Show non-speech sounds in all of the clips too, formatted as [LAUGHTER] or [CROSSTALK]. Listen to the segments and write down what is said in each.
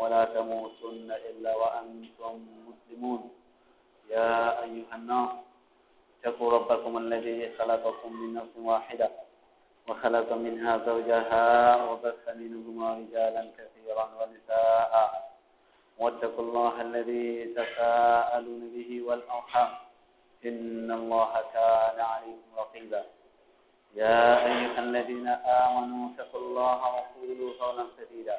ولا تموتن إلا وأنتم مسلمون يا أيها الناس اتقوا ربكم الذي خلقكم من نفس واحدة وخلق منها زوجها وبث منهما رجالا كثيرا ونساء واتقوا الله الذي تساءلون به والأرحام إن الله كان عليكم رقيبا يا أيها الذين آمنوا اتقوا الله وقولوا قولا سديدا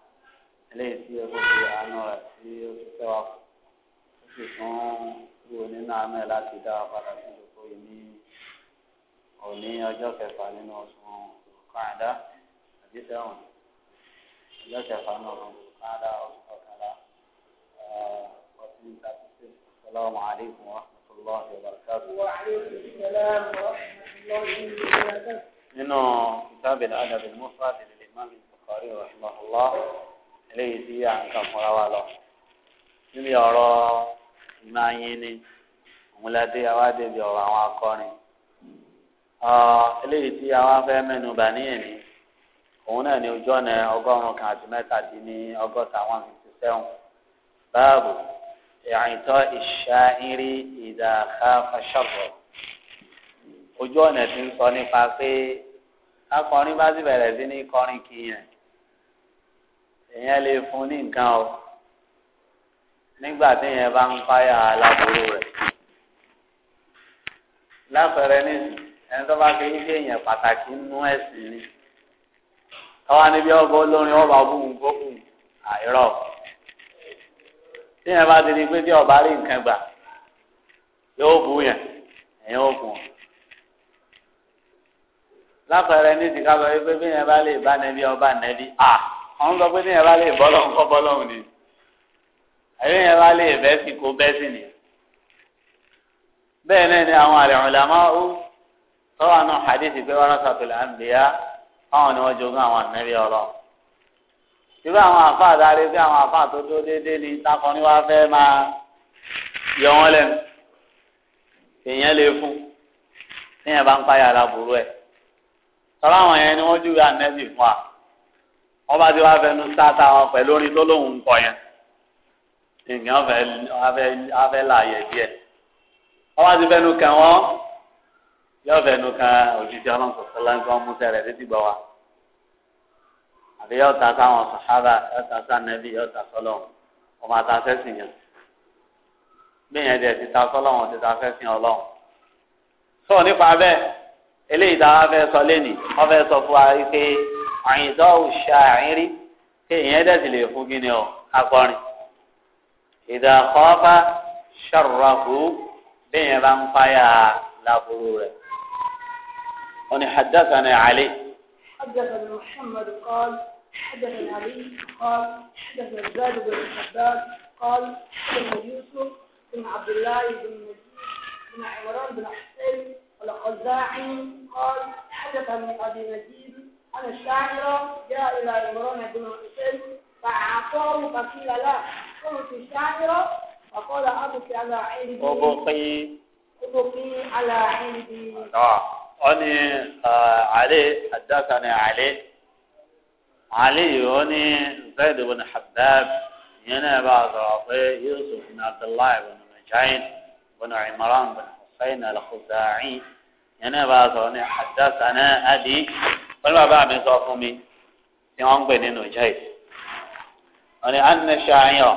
eléyìí tí ó fi àánú rẹ̀ tí ó fi fẹ́ wa kù ó sì tún wúwo nínú àánú ẹ̀ láti dá wa padà sí gbogbo yìí ní òní ọjọ́ kẹfà nínú oṣù kàdá àbí sẹ́wọ̀n ọjọ́ kẹfà nínú oṣù kàdá oṣù kọkànlá ọtún tàbí sí assalamu alaikum wa rahmatullahi wa barakatuh. wa alaikum assalam wa rahmatullahi wa barakatuh. nínú kitab al-adab al-mufrad lil-imam al-Bukhari rahimahullah eléyìí tí à ń kà fúnra wa lọ níbi ọ̀rọ̀ ìmọ̀ ayín ni òmùlẹ́dé awádé bí ọ̀rọ̀ àwọn akọrin eléyìí tí àwa fẹ́ mẹ́nu bà ní èmi òun náà ni ojú ọ̀nà ọgọ́rùn-ún kan àti mẹ́tàdínní ọgọ́ta one fifty seven báàbò ìrìntọ́ ìṣáírí ìdàkà fàṣọ̀bọ̀ ojú ọ̀nà ti ń sọ nípa pé akọrin bá sì bẹ̀rẹ̀ sí ní kọrin kìíyàn èèyàn lè fún ní nǹkan o nígbà téèyàn bá ń fáyà aláboró rẹ̀ lápẹẹrẹ nísìn ẹni tó bá fi ń gbé èèyàn pàtàkì nínú ẹ̀sìn ni káwá níbi ọgbọ olórin ọba búhùn gbóhùn àìrọ téèyàn bá ti di pé tí ọba rí nǹkan gbà yóò bú yẹn èèyàn ó kùn lápẹẹrẹ nísìn ká sọ pé bí yẹn bá lè bá nẹbi ọba nẹbi a. Ah àwọn sọ pé téèyàn bá lè bọ́ lọ́hùn kọ́ bọ́ lọ́hùn ni àyẹ̀yẹn bá lè bẹ́ sí kó bẹ́ sí ni bẹ́ẹ̀ náà ni àwọn àlẹ́hùnlámà ó tọ́wọ́ àná hadithi pé wọ́n sàtòlẹ̀ àǹbíyá àwọn ni wọ́n jogún àwọn ànábì ọ̀rọ̀ irú àwọn àfa àdáre bí àwọn àfa tó dó déédéé ni takọni wá fẹ́ máa yọ wọ́n lẹ́nu èèyàn lè fún téèyàn bá ń payà láburú ẹ̀ tọ́lá àwọn yẹn ni wọ́n júwe ànábì wọ́n bá ti wá fẹnu sáta wọn pẹ̀lú orin tó lóun ń kọ yẹn nǹkan afẹ́ láàyè díẹ̀ wọ́n bá ti fẹnu kàn wọ́n yóò fẹnu kan òjijì ọlọ́run sọ̀tọ́ láńkì wọn mú sẹ́rẹ̀ títí gbọ́ wa àbí yóò ta sáwọn sàhábà yóò ta sànẹ́bí yóò ta sọlọ́run ọmọ àtàsẹ́sìn yẹn gbìyànjú ẹ̀ ti ta sọlọ́run ti ta sẹ́sìn ọlọ́run sọ nípa bẹ́ẹ̀ eléyìí tá a fẹ́ sọ lẹ́nìí wọ́n fẹ́ sọ fún wa pé. عيضاء الشاعر هيدا ذلي فوقينيو أقواني إذا خاف شره بيبان فايا لا بروره وني حدثنا علي حدثنا محمد قال حدثنا علي قال حدثنا الزاد بن الحباب قال حدثنا يوسف بن عبد الله بن مجيد بن عمران بن حسين قال حدث قال حدثنا ابي نجيب أنا الشاعر جاء إلى عمران بن حسين فأعطاه فقيل له قلت الشاعر فقال أبكي على عندي أبكي أبكي على عندي نعم آه. أني آه، علي حدثني علي علي أني زيد بن حباب هنا بعض أعطي يوسف بن عبد الله بن مجعين بن عمران بن حسين الخزاعي هنا بعض حدثنا أبي wọ́n ní bàbá mi sọ fún mi tí wọ́n ń pè nínú ìjọ yìí wọ́n ní anẹ́sẹ̀ ayọ̀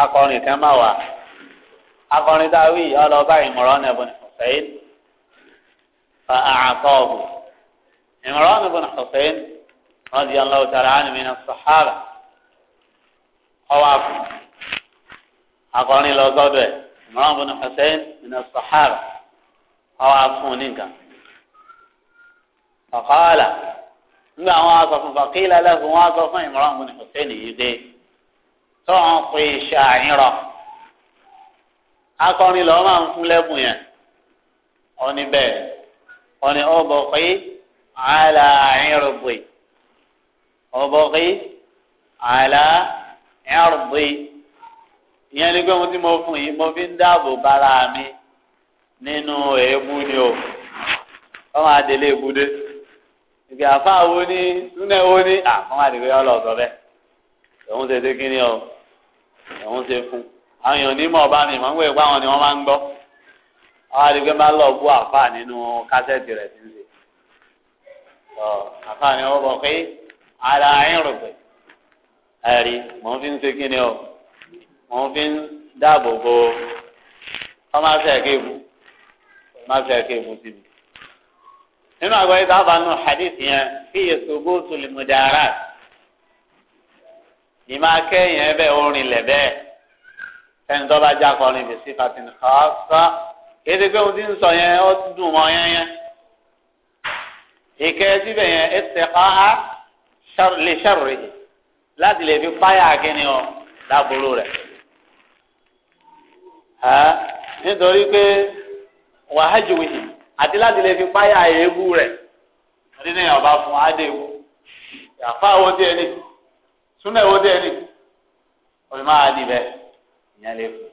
akọrin kan máa wà akọrin dáwì ọlọ́ba ìmọ̀ràn ẹ̀bùn àkọ́ọ̀bù ìmọ̀ràn ẹ̀bùn wọ́n di ọlọ́wọ́ tara ánìmínà sọ̀hárà ọwọ́ akọrin ẹ̀ ìmọ̀ràn ẹ̀bùn ọ̀kọ́ọ̀là nígbà wọn aṣọ fún fàkílà lẹ́fún wọn aṣọ fún ìmọ̀ràn ọ̀gbìn hussein yìí dé tó wọn pe iṣẹ́ àyínrọ̀ akọrin lọ́ọ́ máa ń fún lẹ́bùn yẹn wọ́n ní bẹ́ẹ̀ wọ́n ní ọ̀bọ̀ pé àlà àyínrọ̀ bòye àlà àyínrọ̀ ìyẹn ni pé mo ti mọ fún yìí mo fi ń dáàbò bára mi nínú èébú ni o wọ́n máa délé ebúdé ìgbà àfa wo ni túnẹ̀ wo ni àwọn àdìgbé ọlọ́ọ̀dọ́ bẹ́ẹ̀ òun ṣe ṣe kíni o òun ṣe fún àwọn èèyàn onímọ̀ ọba mi mọ̀ ń wẹ̀ pé ni wọ́n máa ń gbọ́ àwọn àdìgbé máa lọ bú àfa nínú kásẹ̀tì rẹ̀ ti ń ṣe àfa ni wọ́n bọ̀ pé ara ẹ̀yìn rò pé ẹ̀rí mò ń fi ń ṣe kíni o mò ń fi ń dáàbò bo ọmọ afẹ́ kéèkù ọmọ afẹ́ kéèkù síbi nínú àgbáyé tá a bá nù hadith yẹn fi ìṣògo tòlè mọ̀dára ìmọ̀ akẹ́yìn ẹ bẹ́ẹ̀ orin lẹ̀ bẹ́ẹ̀ ẹni tó bá já kọrin bí sí fatin kọ́ọ́sọ́ èdè pé ohun tí ń sọ yẹn ó dùn mọ́ yẹn yẹn ìkẹ́ síbẹ̀ yẹn ẹsẹ̀ kọ́ha lè ṣàròyè láti lè fi páyà kíni ọ láburú rẹ̀ nítorí pé wàhájú wìhìn àti láti lè fi páyà èébú rẹ̀ adínẹ́yìn ọba fún adéwu àfa owó tí ẹni súnà owó tí ẹni omi máa di bẹ́ẹ̀ ìyẹn lè fún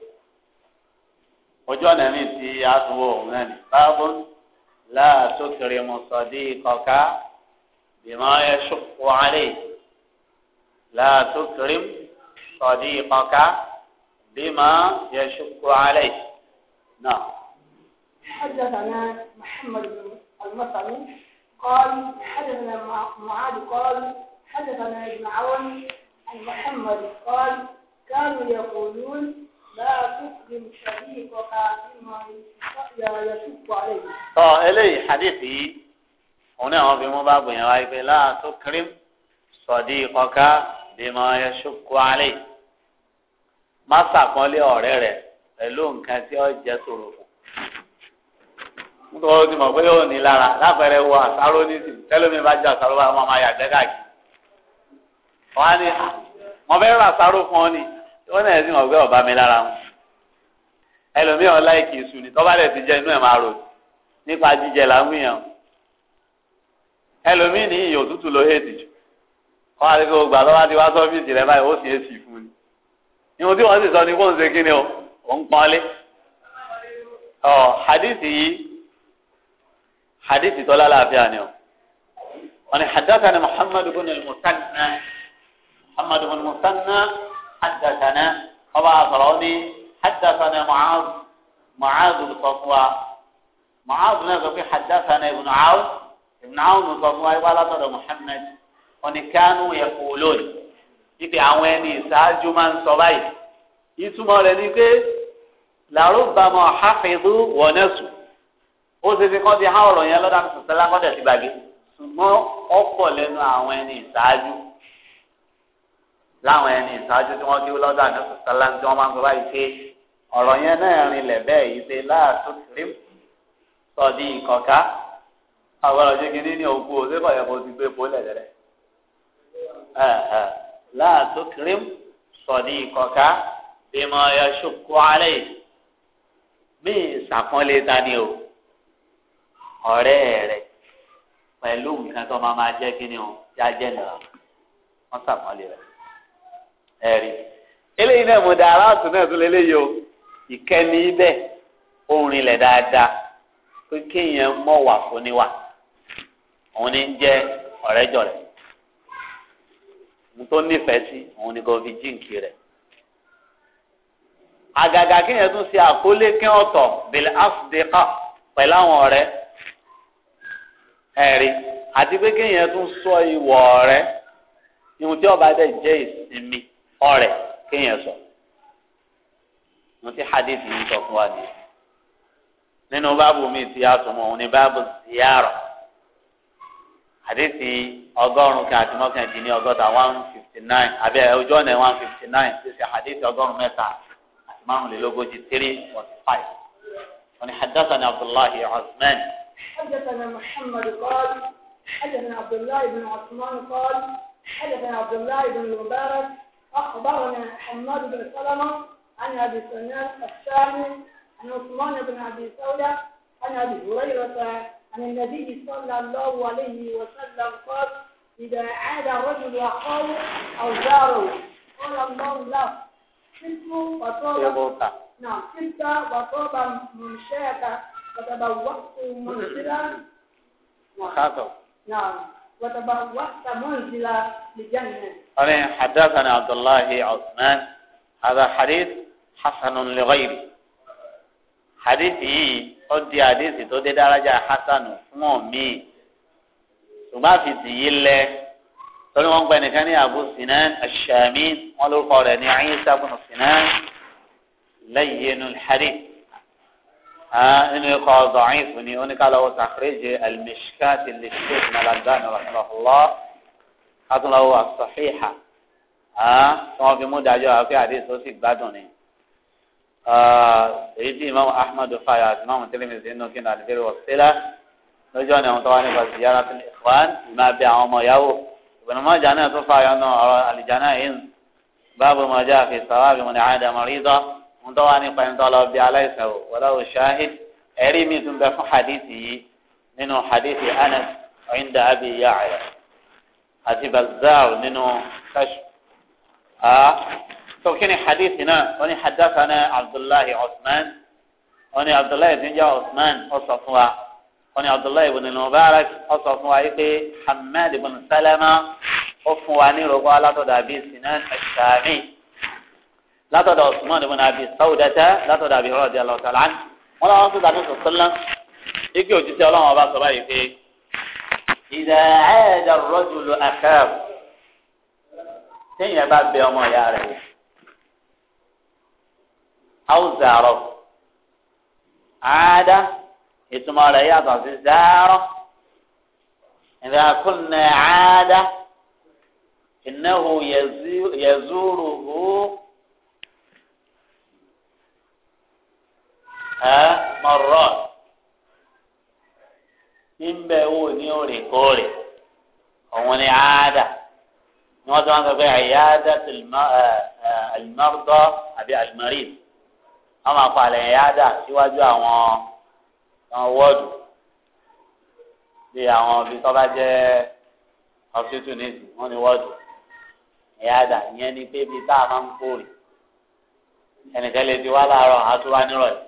ojú ọ̀nà mi ti àtúwò òun náà ní báàbò láàtó kiri mùsọ̀dí kọ̀ọ̀ká bìmọ̀ ẹ ṣùkú alẹ́ kiri mùsọ̀dí kọ̀ọ̀ká bìmọ̀ ẹ ṣùkú náà. حدثنا محمد بن المصري قال حدثنا معاذ قال حدثنا ابن عون عن محمد قال كانوا يقولون لا تكرم شريكك بما يشق عليه اه الي حديثي هنا هو بما باب لا تكرم صديقك بما يشق عليك. má ṣàpọ́nlé ọ̀rẹ́ rẹ̀ pẹ̀lú nǹkan tí ó jẹ́ ṣòro nítorí o ti mọ̀ pé yóò ní lára lápẹẹrẹ wo àsáró ní sí tẹ́lómi bá jẹ́ àsáró báyìí wọ́n máa yà jẹ́ káàkiri. wọ́n á ní wọ́n ah, fẹ́ rà àsáró fún ọ ni wọ́n náà sì mọ̀ pé ọ̀bá mi lára wọn. ẹlòmíì ọ̀la ìkì ìṣù ni tọ́ba rẹ̀ ti jẹ inú ẹ̀ máa rò nípa jíjẹ làwọn èèyàn. ẹlòmíì ní ìyìn òtútù ló hé tìjú. wọ́n á rí kó gbà lọ́wọ́ ti wá sọ́fíìsì rẹ̀ báyìí ó sì hadith tọ́lá láàfin àná wọn ni haddathana muhammadu bin al-musanna muhammadu bin al-musanna haddathana ọba àtọ̀rọ̀ ni haddathana mu'az mu'az sọfúnwa mu'az náà sọ pé haddathana ibùn aw ibùn aw ní sọfúnwa ibà látọ̀dọ̀ muhammad wọn ni kánú yaqulun ibi àwọn ẹni ìsáájú máa ń sọ báyìí ìtumọ̀ rẹ̀ ni pé làrúbàmọ̀ hafidhu wa nasu ó ṣe fi kọ́ ti há ọ̀rọ̀ yẹn lọ́dà tó sẹ́lá kọ́ tẹ̀sí gbàgé ṣùgbọ́n ọ̀pọ̀ lẹ́nu àwọn ẹni ìṣáájú láwọn ẹni ìṣáájú tí wọ́n kí lọ́dà tó sẹ́lá tí wọ́n máa ń sọ báyìí pé ọ̀rọ̀ yẹn náà rinlẹ̀ bẹ́ẹ̀ yìí pé láàtó tìrìm sọ̀dí ìkọ̀ká àwọn ọ̀jẹ̀ kìíní ní òkú òṣèkọ̀ yẹn kò ti gbé pólẹ̀ tẹ́lẹ̀ láàtó tìrìm sọ̀dí ìkọ̀ká bímọ ẹ̀ṣùkú alẹ́ yìí mí ìṣàpọ́nlé ta ni o. ọ̀rẹ́ rẹ̀ pẹ̀lú nǹkan tó máa máa jẹ́ kí ni o jájẹ́ nà wọ́n sàmọ́lé rẹ̀ ẹ̀rí. eléyìí náà mo da náà lélẹ́yìí o ìkẹ́ni ibẹ̀ òun dáadáa pé kéèyàn mọ̀ wà fún níwà òun ní jẹ́ rẹ̀ tó nífẹ̀ẹ́ sí òun kò fi jíǹkì rẹ̀ àgàgà kéèyàn tún ṣe àkólé ọ̀tọ̀ bẹ̀lẹ́ pẹ̀lú àwọn ọ̀rẹ́. ẹ̀rí àti pé kéèyàn tún sọ ìwọ̀ ọ̀rẹ́ ìhun tí ọba dẹ̀ jẹ́ ìsinmi ọ̀rẹ́ kéèyàn sọ ìhun tí hadith yìí sọ fún wa nìyẹn nínú báàbù mi ti àtúmọ̀ òun ni báàbù ziyara hadith ọgọ́rùn-ún kan àti mọ́kàndínní ọgọ́ta one fifty nine àbí ojú ọ̀nà one fifty nine ṣe hadith ọgọ́rùn-ún mẹ́ta àti márùnlélógójì three forty five wọn ni ni abdullahi حدثنا محمد قال حدثنا عبد الله بن عثمان قال حدثنا عبد الله بن المبارك أخبرنا حماد بن سلمة عن أبي سنان الشامي عن عثمان بن أبي سودة عن أبي هريرة عن النبي صلى الله عليه وسلم قال إذا عاد رجل أخاه أو جاره قال الله له سلت وطابا نعم سلت وطابا ممشاك وتبوأت منزلا خاطب نعم وتبوأت منزلا لجنة أنا حدثنا عبد الله عثمان هذا حديث حسن لغيره حديث yìí ó di àdéhìí tó dé dáradá hasanu fún ọ̀mí ṣùgbọ́n àfìsí yìí lẹ torí wọ́n gbẹ nìkan ní abu sinan ash-shami wọ́n lórúkọ rẹ̀ ní ayé sábùnù sinan layyinul hadith. انه يقال ضعيف اني اني قال هو تخريج المشكات اللي شفت من الالبان رحمه الله حصل هو الصحيحة ها ثم في مدى جاء في حديث وسيك بعدوني ايه امام احمد وفايا امام تلميذ انه كان كنا الفير والصلة نجوانا متواني بزيارة الاخوان ما بيع عمى يو ابن ما جانا توفى انه الجناين باب ما جاء في الصواب من عادة مريضة ń tọ́ wá nípa ẹni tó lọ bí aláìsàn o wọlé o ṣáhid ẹ̀rí mi tún bẹ fún hadithi yìí nínú hadithi anas ọ̀yìndà abi yaaya àti bazaar nínú kashu. tó kí ni hadithi náà wọ́n ní hadathana abdullahi usman wọ́n ní abdullahi bin jaa usman ó sọ fún wa wọ́n abdullahi bin mubarak ó sọ fún hamad bin salama ó fún wa ní rògbò alátọ̀dà bíi sinan al látọ̀dọ̀ Usman ibn Abi Sawdata látọ̀dọ̀ Abi radiyallahu ta'ala anhu wọn làwọn tó dàbí sọ̀tọ́lá igi òjijì ọlọ́run ọba sọ báyìí pé ìdá ẹ̀ẹ́dà rọ́jùlù àkàrà téèyàn bá bẹ ọmọ ìyá rẹ̀ wò awùzàrọ̀ àádá ìtumọ̀ rẹ̀ yàtọ̀ sí zàrọ̀ ìdá kúnnẹ̀ àádá ìnáwó yẹzúrò hó. ẹ mọrọ níbẹ̀ wò ní òrèkóòrè òun ni àádà ni wọ́n ti wọ́n sọ pé àyáádà alimọ́dọ́ àbí alimọ́rìd wọ́n máa kọ àlẹ́ àyáádà síwájú àwọn wọ́ọ̀dù bí àwọn ibi tó bá jẹ́ ọ̀fíìsù nìyí wọ́n ní wọ́ọ̀dù àyáádà ìyẹn ni pé ibi tá máa ń kórè ẹnìkan lè ti wá láàárọ̀ àtúwá nírọ̀lẹ́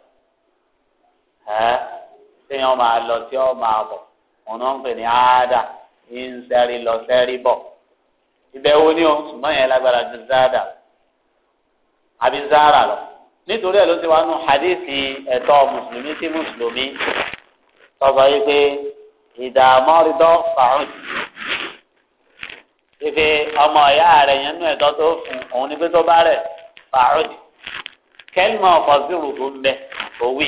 ẹ téèyàn máa lọ tí ó máa bọ̀ òun náà ń pè ní áádà ń sẹ́rí lọ sẹ́rí bọ̀ ìbẹ̀wò ni o ṣùgbọ́n yẹn lágbára ju záàdà àbí záàrà lọ nítorí ẹ̀ ló ti wá nù hadithi ẹ̀tọ́ mùsùlùmí sí mùsùlùmí tọ́gbà yìí pé ìdààmú ọ̀rìndọ́ fàrùn ife ọmọ ìyá rẹ̀ yẹn nú ẹ̀tọ́ tó fún òun ní pé tó bá rẹ̀ fàrùn kẹ́lìmọ̀ ọ̀pọ̀ sí rògbò ń bẹ òwì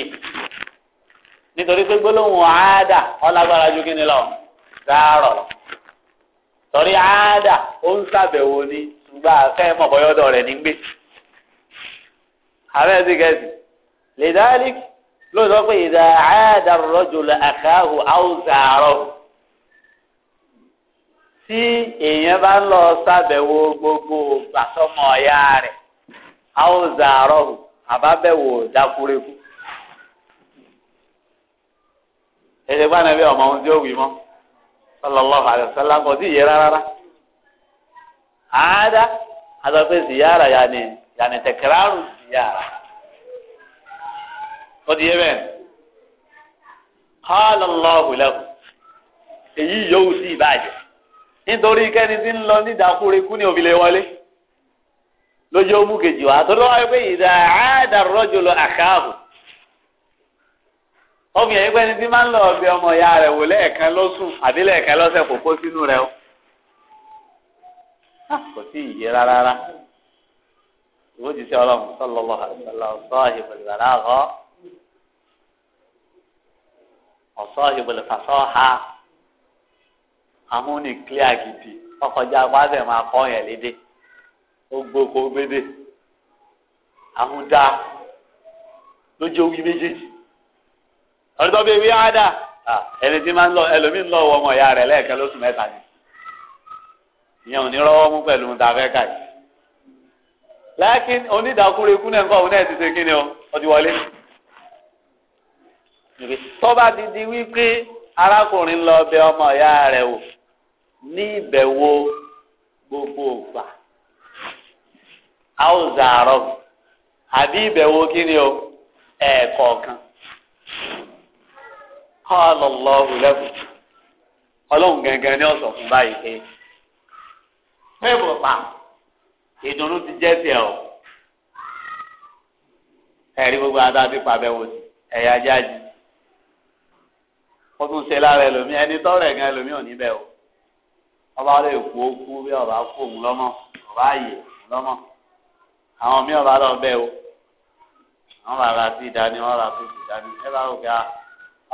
nítorí pé gbólóhùn àádà ọlágbára ju kí ni lọ dáárọ̀ lọ torí àádà ó ń ṣàbẹ̀wò ni ṣùgbọ́n àfẹ́ mọ̀ bọ́yọ́dọ̀ rẹ̀ ní gbé àfẹ́ sí gẹ̀ẹ́sì lè dáálí ló sọ pé ìdá àádà rọ́jò lọ àkáhù àwùsàárọ̀ tí èèyàn bá ń lọ ṣàbẹ̀wò gbogbo gbàsọ́mọ̀ ọ̀yá rẹ̀ àwùsàárọ̀ àbábẹ̀wò dákúrekú. na gbá nàbí ọmọ ohun tí ó wì mọ́ sallallahu alaihi wasallam kò sí yé rárá àádá àtọ́pẹ́ ziyara yanni yanni tẹkẹrarù ziyara ó di yé bẹ́ẹ̀ qala Allahu èyí yóò sí ìbàjẹ́ nítorí tí ń lọ ní òbí lè wọlé lójú ó mú kejì wá tó lọ́wọ́ pé ìdá àádá rọ́jò ọmọ yẹn pẹ́ni tí máa ń lọ ọbẹ̀ ọmọ ìyá rẹ̀ wò lẹ́ẹ̀kan lọ́sùn àbí lẹ́ẹ̀kan lọ́sẹ̀ kò kó sínú rẹ̀ o kò sí ìyè rárá rárá ìwé ti sẹ ọlọ́run sọlọ́lọ́ ọ̀sọ́ ìbòlè rárá ọ̀sọ́ ìbòlè fàṣọ́ ha amúni kílíà gidi ọkọjá wáṣẹ̀ máa kọ́ yẹn lédè ó gbóko gbédè àmúdá lójó wí méjèèjì ọdún bíi wíwá dà ẹni tí máa ń lọ ẹlòmíín lọ wọ ọmọ ìyá rẹ lẹ́ẹ̀kan lóṣù mẹ́ta ni ìyẹn ò ní rọ́wọ́ mú pẹ̀lú ohun tá a fẹ́ kà yìí. lákìn onídàákúrekú náà nǹkan òun náà ti ṣe kí ni o ó ti wọlé. tọ́ba ti di wípé arákùnrin lọ bẹ ọmọ ìyá rẹ wò ní ìbẹ̀wò gbogbo ògbà a ó zàárọ̀ àbí ìbẹ̀wò kí ni o ẹ̀ẹ̀kọ̀ọ̀kan. قال الله lahu ọlọ́run gangan ni ọ̀sọ̀ fún báyìí pé pé bọ̀pá ìdùnnú ti jẹ́ tiẹ̀ o ẹ̀rí gbogbo adájú pàbẹ́wò sí ẹ̀yà jáde ó tún ṣe lára ẹlòmíì ẹni tọ́rọ̀ ẹ̀gán ẹlòmíì ò ní bẹ́ẹ̀ o ọba ọlọ́ èkó kú bí ọba kú òun lọ́mọ ọba àyè lọ́mọ àwọn míì ọba lọ bẹ́ẹ̀ o àwọn bàbá ti dání wọn bàbá ti dání ẹ bá rò pé a. Ah,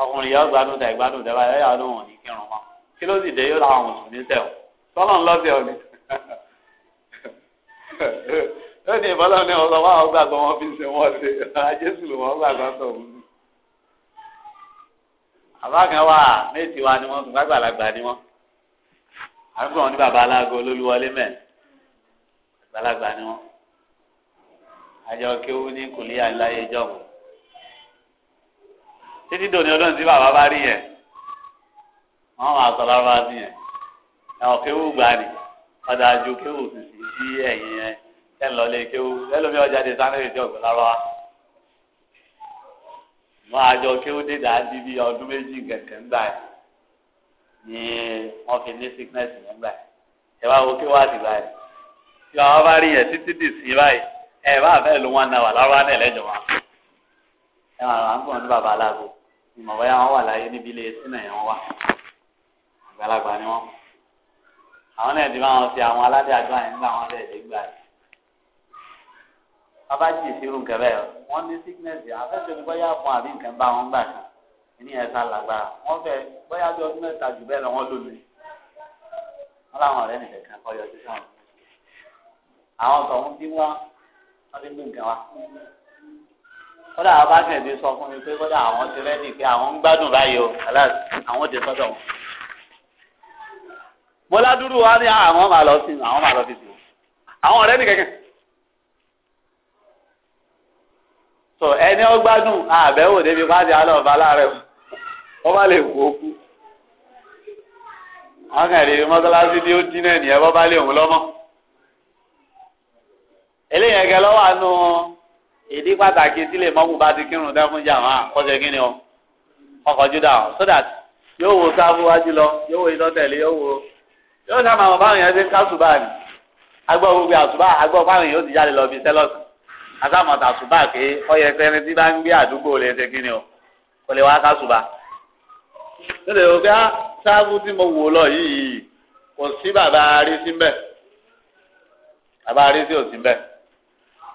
ọkùnrin yọ gbádùn tẹ gbádùn tẹ báyìí ẹyà ọdún òní kírun mọ kí ló sì dé yóò làwọn mùsùlùmí tẹ o tọ́lọ̀ [LAUGHS] ń lọ́sẹ̀ ọ̀ni yóò ní ìbọ́lọ̀ ní ọ̀sán wà ó gbàgbọ́ wọn fi ṣe wọ́n ṣe ajésù ló wọ́n gbàgbọ́ sọ òun. àbá kan wà méjì wa ni wọ́n tún gbàgbàlagbà ni wọ́n àgbẹ̀ wọn ní baba alágo olólùwọlé mẹ́ gbàgbàlagbà ni wọ́n àjọ kéwú ní kùlí àláyé jọ̀mù títí dòní ọdún tí bàbá bá rí yẹn wọn máa sọ lárúbá sí yẹn ẹwọn kéwù gbà ní ọjà ju kéwù sísì sí ẹ̀yìn yẹn kẹ lọlé kéwù ẹlòmí ọjà dé sanẹrì tí ọgbẹ lárúbá wọn àjọ kéwù dédà di bí ọdún méjì kẹkẹ ńgbà yẹn ni wọn fi ní sickness yẹn gbà yẹn ẹ bá wo kéwù àtìgbà yẹn tí bàbá bá rí yẹn títí dì sí báyìí ẹ bá fẹ́ lu wọn náà wà lárúbá náà lẹ́jọ̀ wọn ẹ wà wà ń bọ̀ ní bàbá aláàbò ìmọ̀ bóyá wọn wà láyé níbi ilé sínú ẹ̀yàn wà àgbàlagbà ni wọn àwọn náà ti máa ń fi àwọn aládé àdúrà yẹn nígbà wọn lẹ́ẹ̀dẹ́ gbà yìí bàbá jì sírù nǹkan bẹ́ẹ̀ wọ́n ní sickness yìí afẹ́fẹ́ ni bóyá fún àbí nǹkan bá wọn gbà kan ní ẹ̀sà làgbára wọ́n fẹ́ bóyá bí ọdún mẹ́ta jù bẹ́ẹ̀ lọ wọ́n lò lóyún wọ́n láwọn ọ̀rẹ́ kódà àwọn bá kẹ̀dé sọ fún mi pé kódà àwọn ti rẹ́dì pé àwọn ń gbádùn báyìí o aláàsì àwọn ti sọ́dọ̀ wọn. mo ládùúrú wa ní ah, àwọn máa lọ sí àwọn máa lọ sí sí àwọn ọ̀rẹ́ nìkẹ́kẹ́. sọ ẹni ó gbádùn àbẹ̀wò débi pàdé alọ́ọ̀bá láàrẹ̀ ó bá lè wò ó kú. àwọn kan rí mọ́sálásí ní ó dín náà nìyẹn bọ́ bá lè òun lọ́mọ́. eléyìí ẹ̀gẹ́ lọ́wọ́ àánú ìdí pàtàkì sílẹ̀ mọ́mú bá ti kírun dá fún jàmá kọ́sẹ̀ kí ni o ọkọ̀ júdà ọ̀ so that yóò wo sáfù wájú lọ yóò wo iná tẹ̀lé yóò wo yóò sábà mọ̀ báwọn yẹn ti ń kásùbà ni agbọ́ gbogbo àsùbà agbọ́ báwọn yóò ti jáde lọ bí sẹ́lọ̀sì asámọ̀tà àsùbà pé ọyẹ pẹ́ni tí bá ń gbé àdúgbò lè ṣe kí ni o kò lè wá kásùbà. lóde òkè ah, sáfù tí mo wò lọ yìí kò sí bàbá arísí ń bẹ̀ bàbá arísí ò sí ń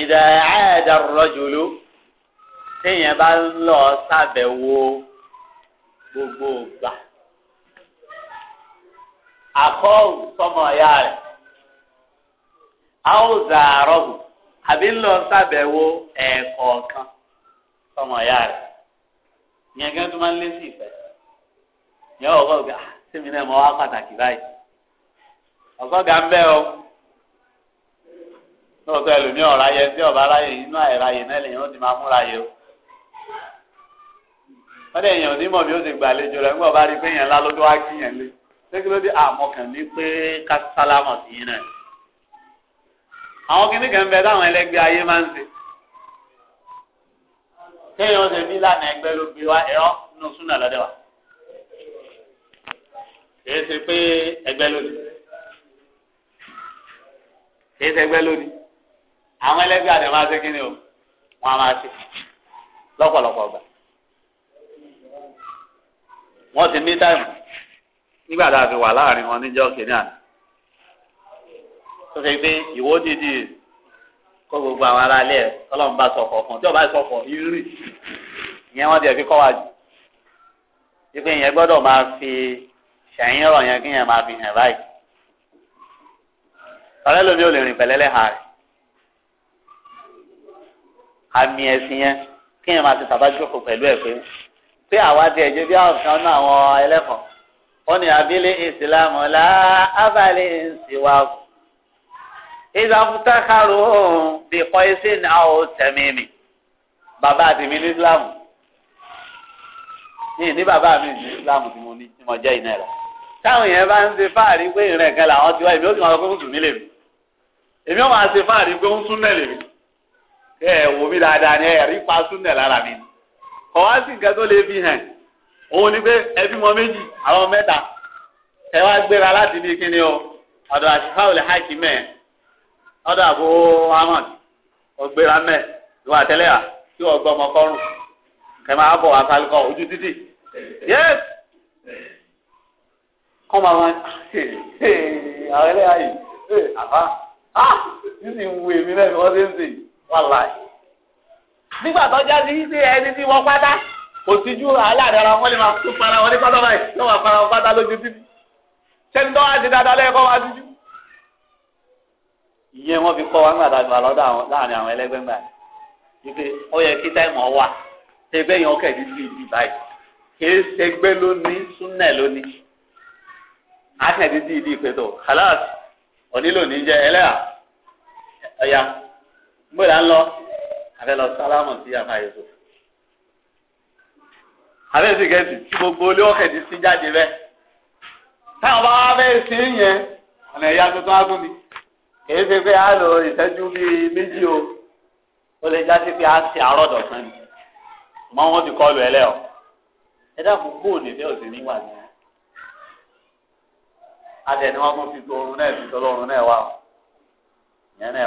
ìdá àádá téèyàn bá ń lọ ṣàbẹ̀wò gbogbo ìgbà àkọ́wù sọmọ ọ̀yá rẹ̀ àwùzà àrọ́bù àbí ń lọ ṣàbẹ̀wò ẹ̀ẹ̀kọ̀ọ̀kan sọmọ ọ̀yá rẹ̀ gẹ́gẹ́ tó máa ń lé sí ìfẹ́ sẹ́mi náà wá pàtàkì báyìí ń bẹ́ ọ. náà sọ ẹlòmí ọ̀rá yẹ tí ọba aráyè inú àìráyè náà lèyìn ó ti máa múra yẹ o. wọ́n dẹ̀ èèyàn onímọ̀ bí ó ti gbàlejò rẹ̀ nígbà bá rí pé èèyàn ńlá ló tó wá kí yẹn lé ṣégi ló dé àmọ̀kàn ní pé ká sálámọ̀ sí yín náà. àwọn kìnnìkan ń bẹ táwọn ẹlẹgbẹ́ ayé máa ń ṣe. kéèyàn ṣe bí lànà ẹgbẹ́ ló gbé wá ẹ̀rọ nínú súnà lọ́dẹ̀ wa. kì í ṣe pé ẹgbẹ́ lónìí. kì àwọn ẹlẹ́gbẹ́ àdè máa ṣe kíni o wọn a máa ṣe lọ́pọ̀lọpọ̀ ọgbà wọn ti ní táìmù nígbà a fi wà láàrin wọn níjọ́ kìíní àná tó fi gbé ìwọ dídì kó gbogbo àwọn ará ilé ẹ bá sọkọ fún tí ọba sọkọ irú ìyẹn wọn fi kọ́ wá jù gbọ́dọ̀ máa fi yẹn kí yẹn máa hàn báyìí àmì ẹ̀sìn yẹn kí èèyàn máa ti tàbá jókòó pẹ̀lú ẹ̀ pé pé àwa di ẹ̀jẹ̀ bí àwọn kan náà àwọn ẹlẹ́kọ̀ọ́ wọn ni abilé ìsìlámù lá abalẹ̀ ìsìwáwò ìzàmùtàkàrò bí kọ́ ẹsẹ̀ náà ó tẹ̀mí mi bàbá àtìmí ní ìsìlámù ní ní bàbá mi ní ìsìlámù tí mo ní tí mo jẹ́ iná rẹ̀ táwọn yẹn bá ń ṣe fáàrí pé ìrìn ẹ̀kan làwọn ti wá èmi ó sì máa lọ pé mùsùlùmí lèmi èmi ó máa ṣe fáàrí pé ń sún náà lèmi ẹ wò mí dáadáa ni ẹ rí pa súnẹ̀ lára mi kọ́ wá sí nǹkan tó lè fi hàn òun ni pé ẹbí mọ méjì àwọn mẹ́ta ẹ wá gbéra láti ní kíni o ọ̀dọ̀ àti fáwọlì háìkì mẹ́ẹ̀ ọ̀dọ̀ àbò ahmed ọ̀gbéra mẹ́ẹ̀ ìwà àtẹ́lẹ́yà tí wọ́n gbọ́ ọmọ kọ́rùn kẹ́ máa bọ̀ àfàlùkọ ojú títì yẹ́s kọ́ máa wá [LAUGHS] àwọn ẹlẹ́yà yìí àbá ah sísìn wù èmi náà ni wọ́n ṣe ń sè yìí wàlá nígbà tó já sí wípé ẹni tí wọ́n pátá kò sí ju aláàdára wọn lè máa tún para wọn ní pátá báyìí lọ́wọ́ àpara wọn pátá lójú títí sẹ́ni tó wá sí dáadáa lẹ́yìn kọ́ wá dúdú. ìyẹn wọn fi kọ́ wa nígbà tá a gbà lọ́dọ̀ láàrin àwọn ẹlẹ́gbẹ́ ńgbà wípé ó yẹ kí táìmù wà tẹgbẹ́ yẹn ọkẹ́ ìdí sí ìdí báyìí kìí sẹgbẹ́ lónìí súnẹ̀ lónìí akẹ́ ìdí sí ìdí gbọ́dọ̀ à lọ abẹ́ lọ sálámù sí àfa Yusuf abẹ́ sì kẹ́sì tí gbogbo olé ọ̀kẹ́ ti sí jáde bẹ́ẹ̀ táwọn bá wá bẹ́ẹ̀ sí yẹn ọ̀nà ẹ̀yà tuntun á mi kìí ṣe pé á lò bíi o ó lè já pé á ṣe àárọ̀ kọlu ẹ lẹ́ọ̀ ẹ dákun òsì ni fi tó orun náà fi tó náà wà ìyẹn náà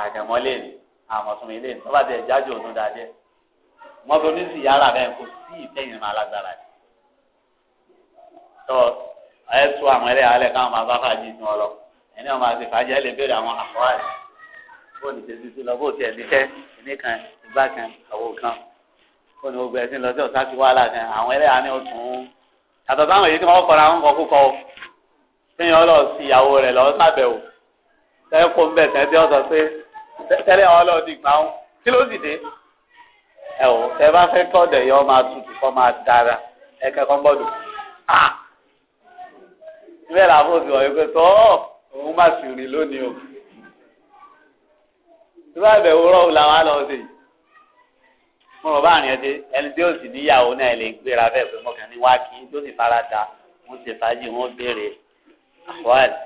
àdàmọ́ lè ní àmọ̀túnmí lè ní wọ́n bá ti ẹ̀ jájò ọdún dáadé mọ́tò ní sì yàrá bẹ́ẹ̀ kò sí ìfẹ́yìn máa lágbára ni. tó ẹ tú àwọn ẹlẹ́ alẹ́ káwọn máa bá fàájì ní ọ lọ ẹni wọn máa ti fàájì ẹ lè béèrè àwọn àfọwárì bó ní tètè sí lọ bó tiẹ̀ níṣẹ́ ìní kan ìgbà kan àwo kan kó ní gbogbo ẹsìn lọ sí ọ̀sán ti wàhálà kan àwọn ẹlẹ́ àní ọ̀tún yàtọ̀ táwọn èyí tí wọ́n kọ́ra ń kọ́ kúkọ́ fíyàn lọ sí ìyàwó rẹ̀ lọ sábẹ̀wò tẹ́ kó ń bẹ̀ tẹ́ ọ̀sán pé tẹ́lẹ̀ àwọn ọlọ́ọ̀dì gbà ń kí ló sì dé ẹ ò tẹ bá fẹ́ tọ́dẹ̀ yọ máa tutù kọ́ máa dára ẹ kẹ́kọ̀ọ́ gbọ́dọ̀ à bẹ́ẹ̀ làbọ̀ òbí wọ̀nyí pé tọ́ òun má sì rìn lónìí o ìwé àbẹ̀wò rọ̀ làwọn á lọ sí i mo rọ̀ bá àrìn ẹdí ẹni tí ó sì níyàwó náà lè gbéra bẹ́ẹ̀ pé mọ̀kàn ní wákì tó sì fara da wọ́n ṣe fàájì wọ́n béèrè àwọn àti.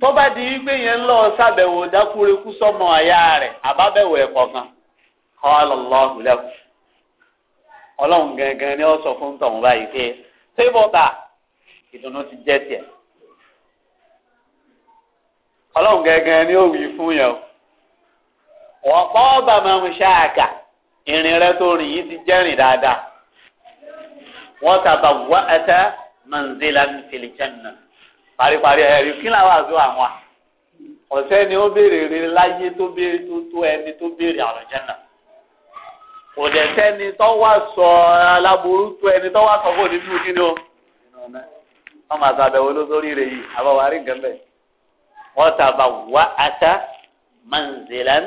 tó bá di wípé yẹn lọ ṣàbẹ̀wò dákúrekú sọmọ àyà rẹ̀ àbábẹ̀wò ẹ̀kọ́ kan qala Allahu ọlọ́run gangan ni ó sọ fún tọ̀hún báyìí pé ìdùnnú ti jẹ́ tiẹ̀ ọlọ́run gangan ni ó wí fún yẹn o ṣáàkà ìrìn rẹ tó rìn yìí ti jẹ́rìn dáadáa wọ́n tàbá wá ẹ̀tẹ́ paríparí ẹ̀rí kí làwọn àzọ àwọn ọ̀sẹ́ ni ó béèrè rere láyé tó béèrè tó tó ẹni tó béèrè àlùjànnà kò dẹ̀ sẹ́ni tó sọ aláboru tó ẹni tó sọ fún òní fún kíni o wọ́n máa sàbẹ̀wò lórí rẹ̀ yìí àbáwárí nǹkan bẹ́ẹ̀ wọ́n wá ata manzilan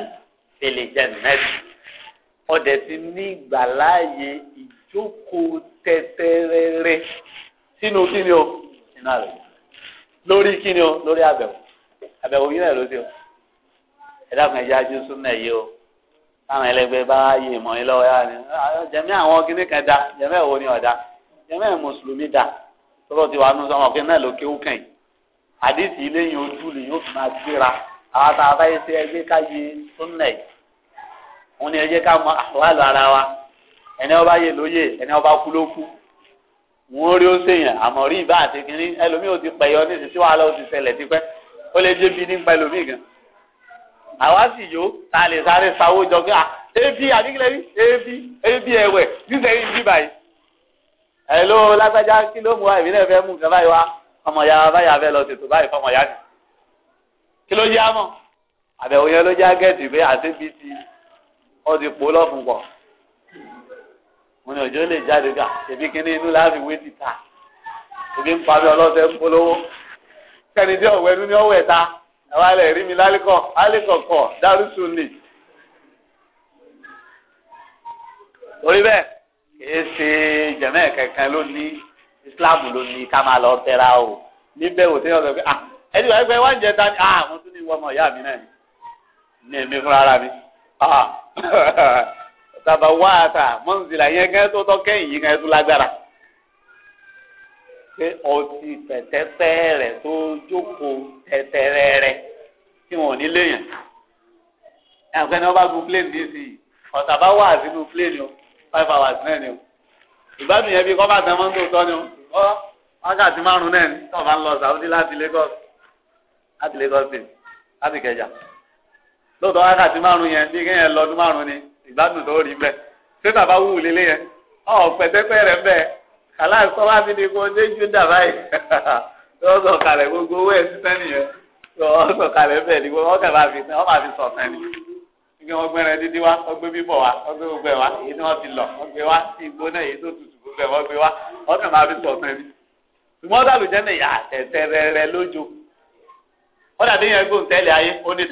fil jannati ti ní ìgbàláàyè ìjókòó tẹ́tẹ́rẹ́rẹ́ sínú kíni o sínú àlùjànnà lórí kíni o lórí àbẹ̀wò àbẹ̀wò yìí náà ló dé o ẹ dákun ẹ̀yà jésù náà yé o táwọn ẹlẹgbẹ́ bá yé ìmọ̀ yín lọ́wọ́ yára ni jẹ̀mí àwọn kíní kan da jẹ̀mí ẹ̀wò ni ọ̀dà jẹ̀mí ẹ̀ mùsùlùmí da tọ́lọ́ ti wà nùsọ ọmọ kíní náà ló kéwú kàn yín àdìsí ilé yìí ojú lè yóò fi máa gbéra àwọn tá a bá yẹ sí ẹgbẹ́ ká yé súnlẹ̀ yìí òun ni ẹ ká mọ àwọn àlọ́ ara wa ẹni ọba yé lóye ẹni ọba kú ló kú wọn rí ó sèyàn àmọ́ rí ìbá àti kínní ẹlòmíì ò ti pẹyọ nísìsiyìí tí wàhálà ó ti ṣẹlẹ̀ tipẹ́ ó lè jẹ bí nípa ẹlòmíì gan àwa sì yó ta lè sáré sáwó jọ pé ah ebi àdìgílẹ̀ rí ebi ebi ẹ̀wẹ̀ nísẹ̀yìn bí báyìí ẹ̀ló lágbájá kí ló mú wa ìbílẹ̀ fẹ́ mú nǹkan báyìí wá ọmọ ya báyà fẹ́ lọ ṣètò báyìí fọmọ ya ni kí ló jẹ́ àmọ́ àbẹ̀wò yẹn ló jẹ́ àgẹ́tì pé àti bíi ti ọ mo ní ọjọ́ lè jáde gà ebi kíní inú láàbì wé ti ta ebi ń parí ọlọ́sẹ̀ ń polówó kẹ́ni tí ọ̀wẹ́ nú ní ọ̀wẹ́ ta àwa lè rí mi lálẹ́kọ̀ alẹ́kọ̀kọ̀ dárúsù nì. torí bẹ́ẹ̀ kìí ṣe jẹ̀mẹ́ kankan ló ní Islam ló ní ká máa lọ tẹ́ra o níbẹ̀ wò tẹ́yọ̀ sọ pé ah ẹni wàá gbẹ wá ń jẹ ta ni ah mo tún ní ìwọ ọmọ ìyá mi náà ni ní èmi fúnra mi ah. [LAUGHS] tàbá wá àtà mọ́nsìlá yẹn kẹ́ tó tọ́ kẹ́yìn yìí kẹ́ tó lágbára. pé ọtí pẹ̀tẹ́pẹ́ rẹ̀ tó jókòó tẹ̀tẹ̀rẹ̀ rẹ̀ tí wọn ò ní léèyàn. àgbẹ̀ ni wọ́n bá gun plane dc ọ̀tà bá wà sínú plane o five hours náà ni o. ìgbádùn yẹn bí kọ́ bá tẹ́ mọ́tò tọ́ ni o. wákàtí márùn-ún náà ni tọ́ọ̀ bá ń lọ Saudi láti Lagos láti Lagos state láti kẹjà lóòótọ́ wákàtí márùn-ún yẹn bí kéèyàn lọ́dún márùn-ún ni. ìgbádùn tó rí mbẹ ṣé bàbá wù lílé ọ pẹtẹpẹ rẹ mbẹ aláìsọ wá ni kò dé ju dàbá yìí lọ [LAUGHS] sọ gbogbo owó ẹsìn sẹni yẹn lọ sọ ni wọn fi sẹ wọn máa fi sọ sẹni wa wọn wa wọn gbogbo ẹ wa èyí wọn fi lọ wọn wa náà èyí tó tutù gbogbo ẹ wọn wa wọn fi sọ sẹni yẹn ayé ó ní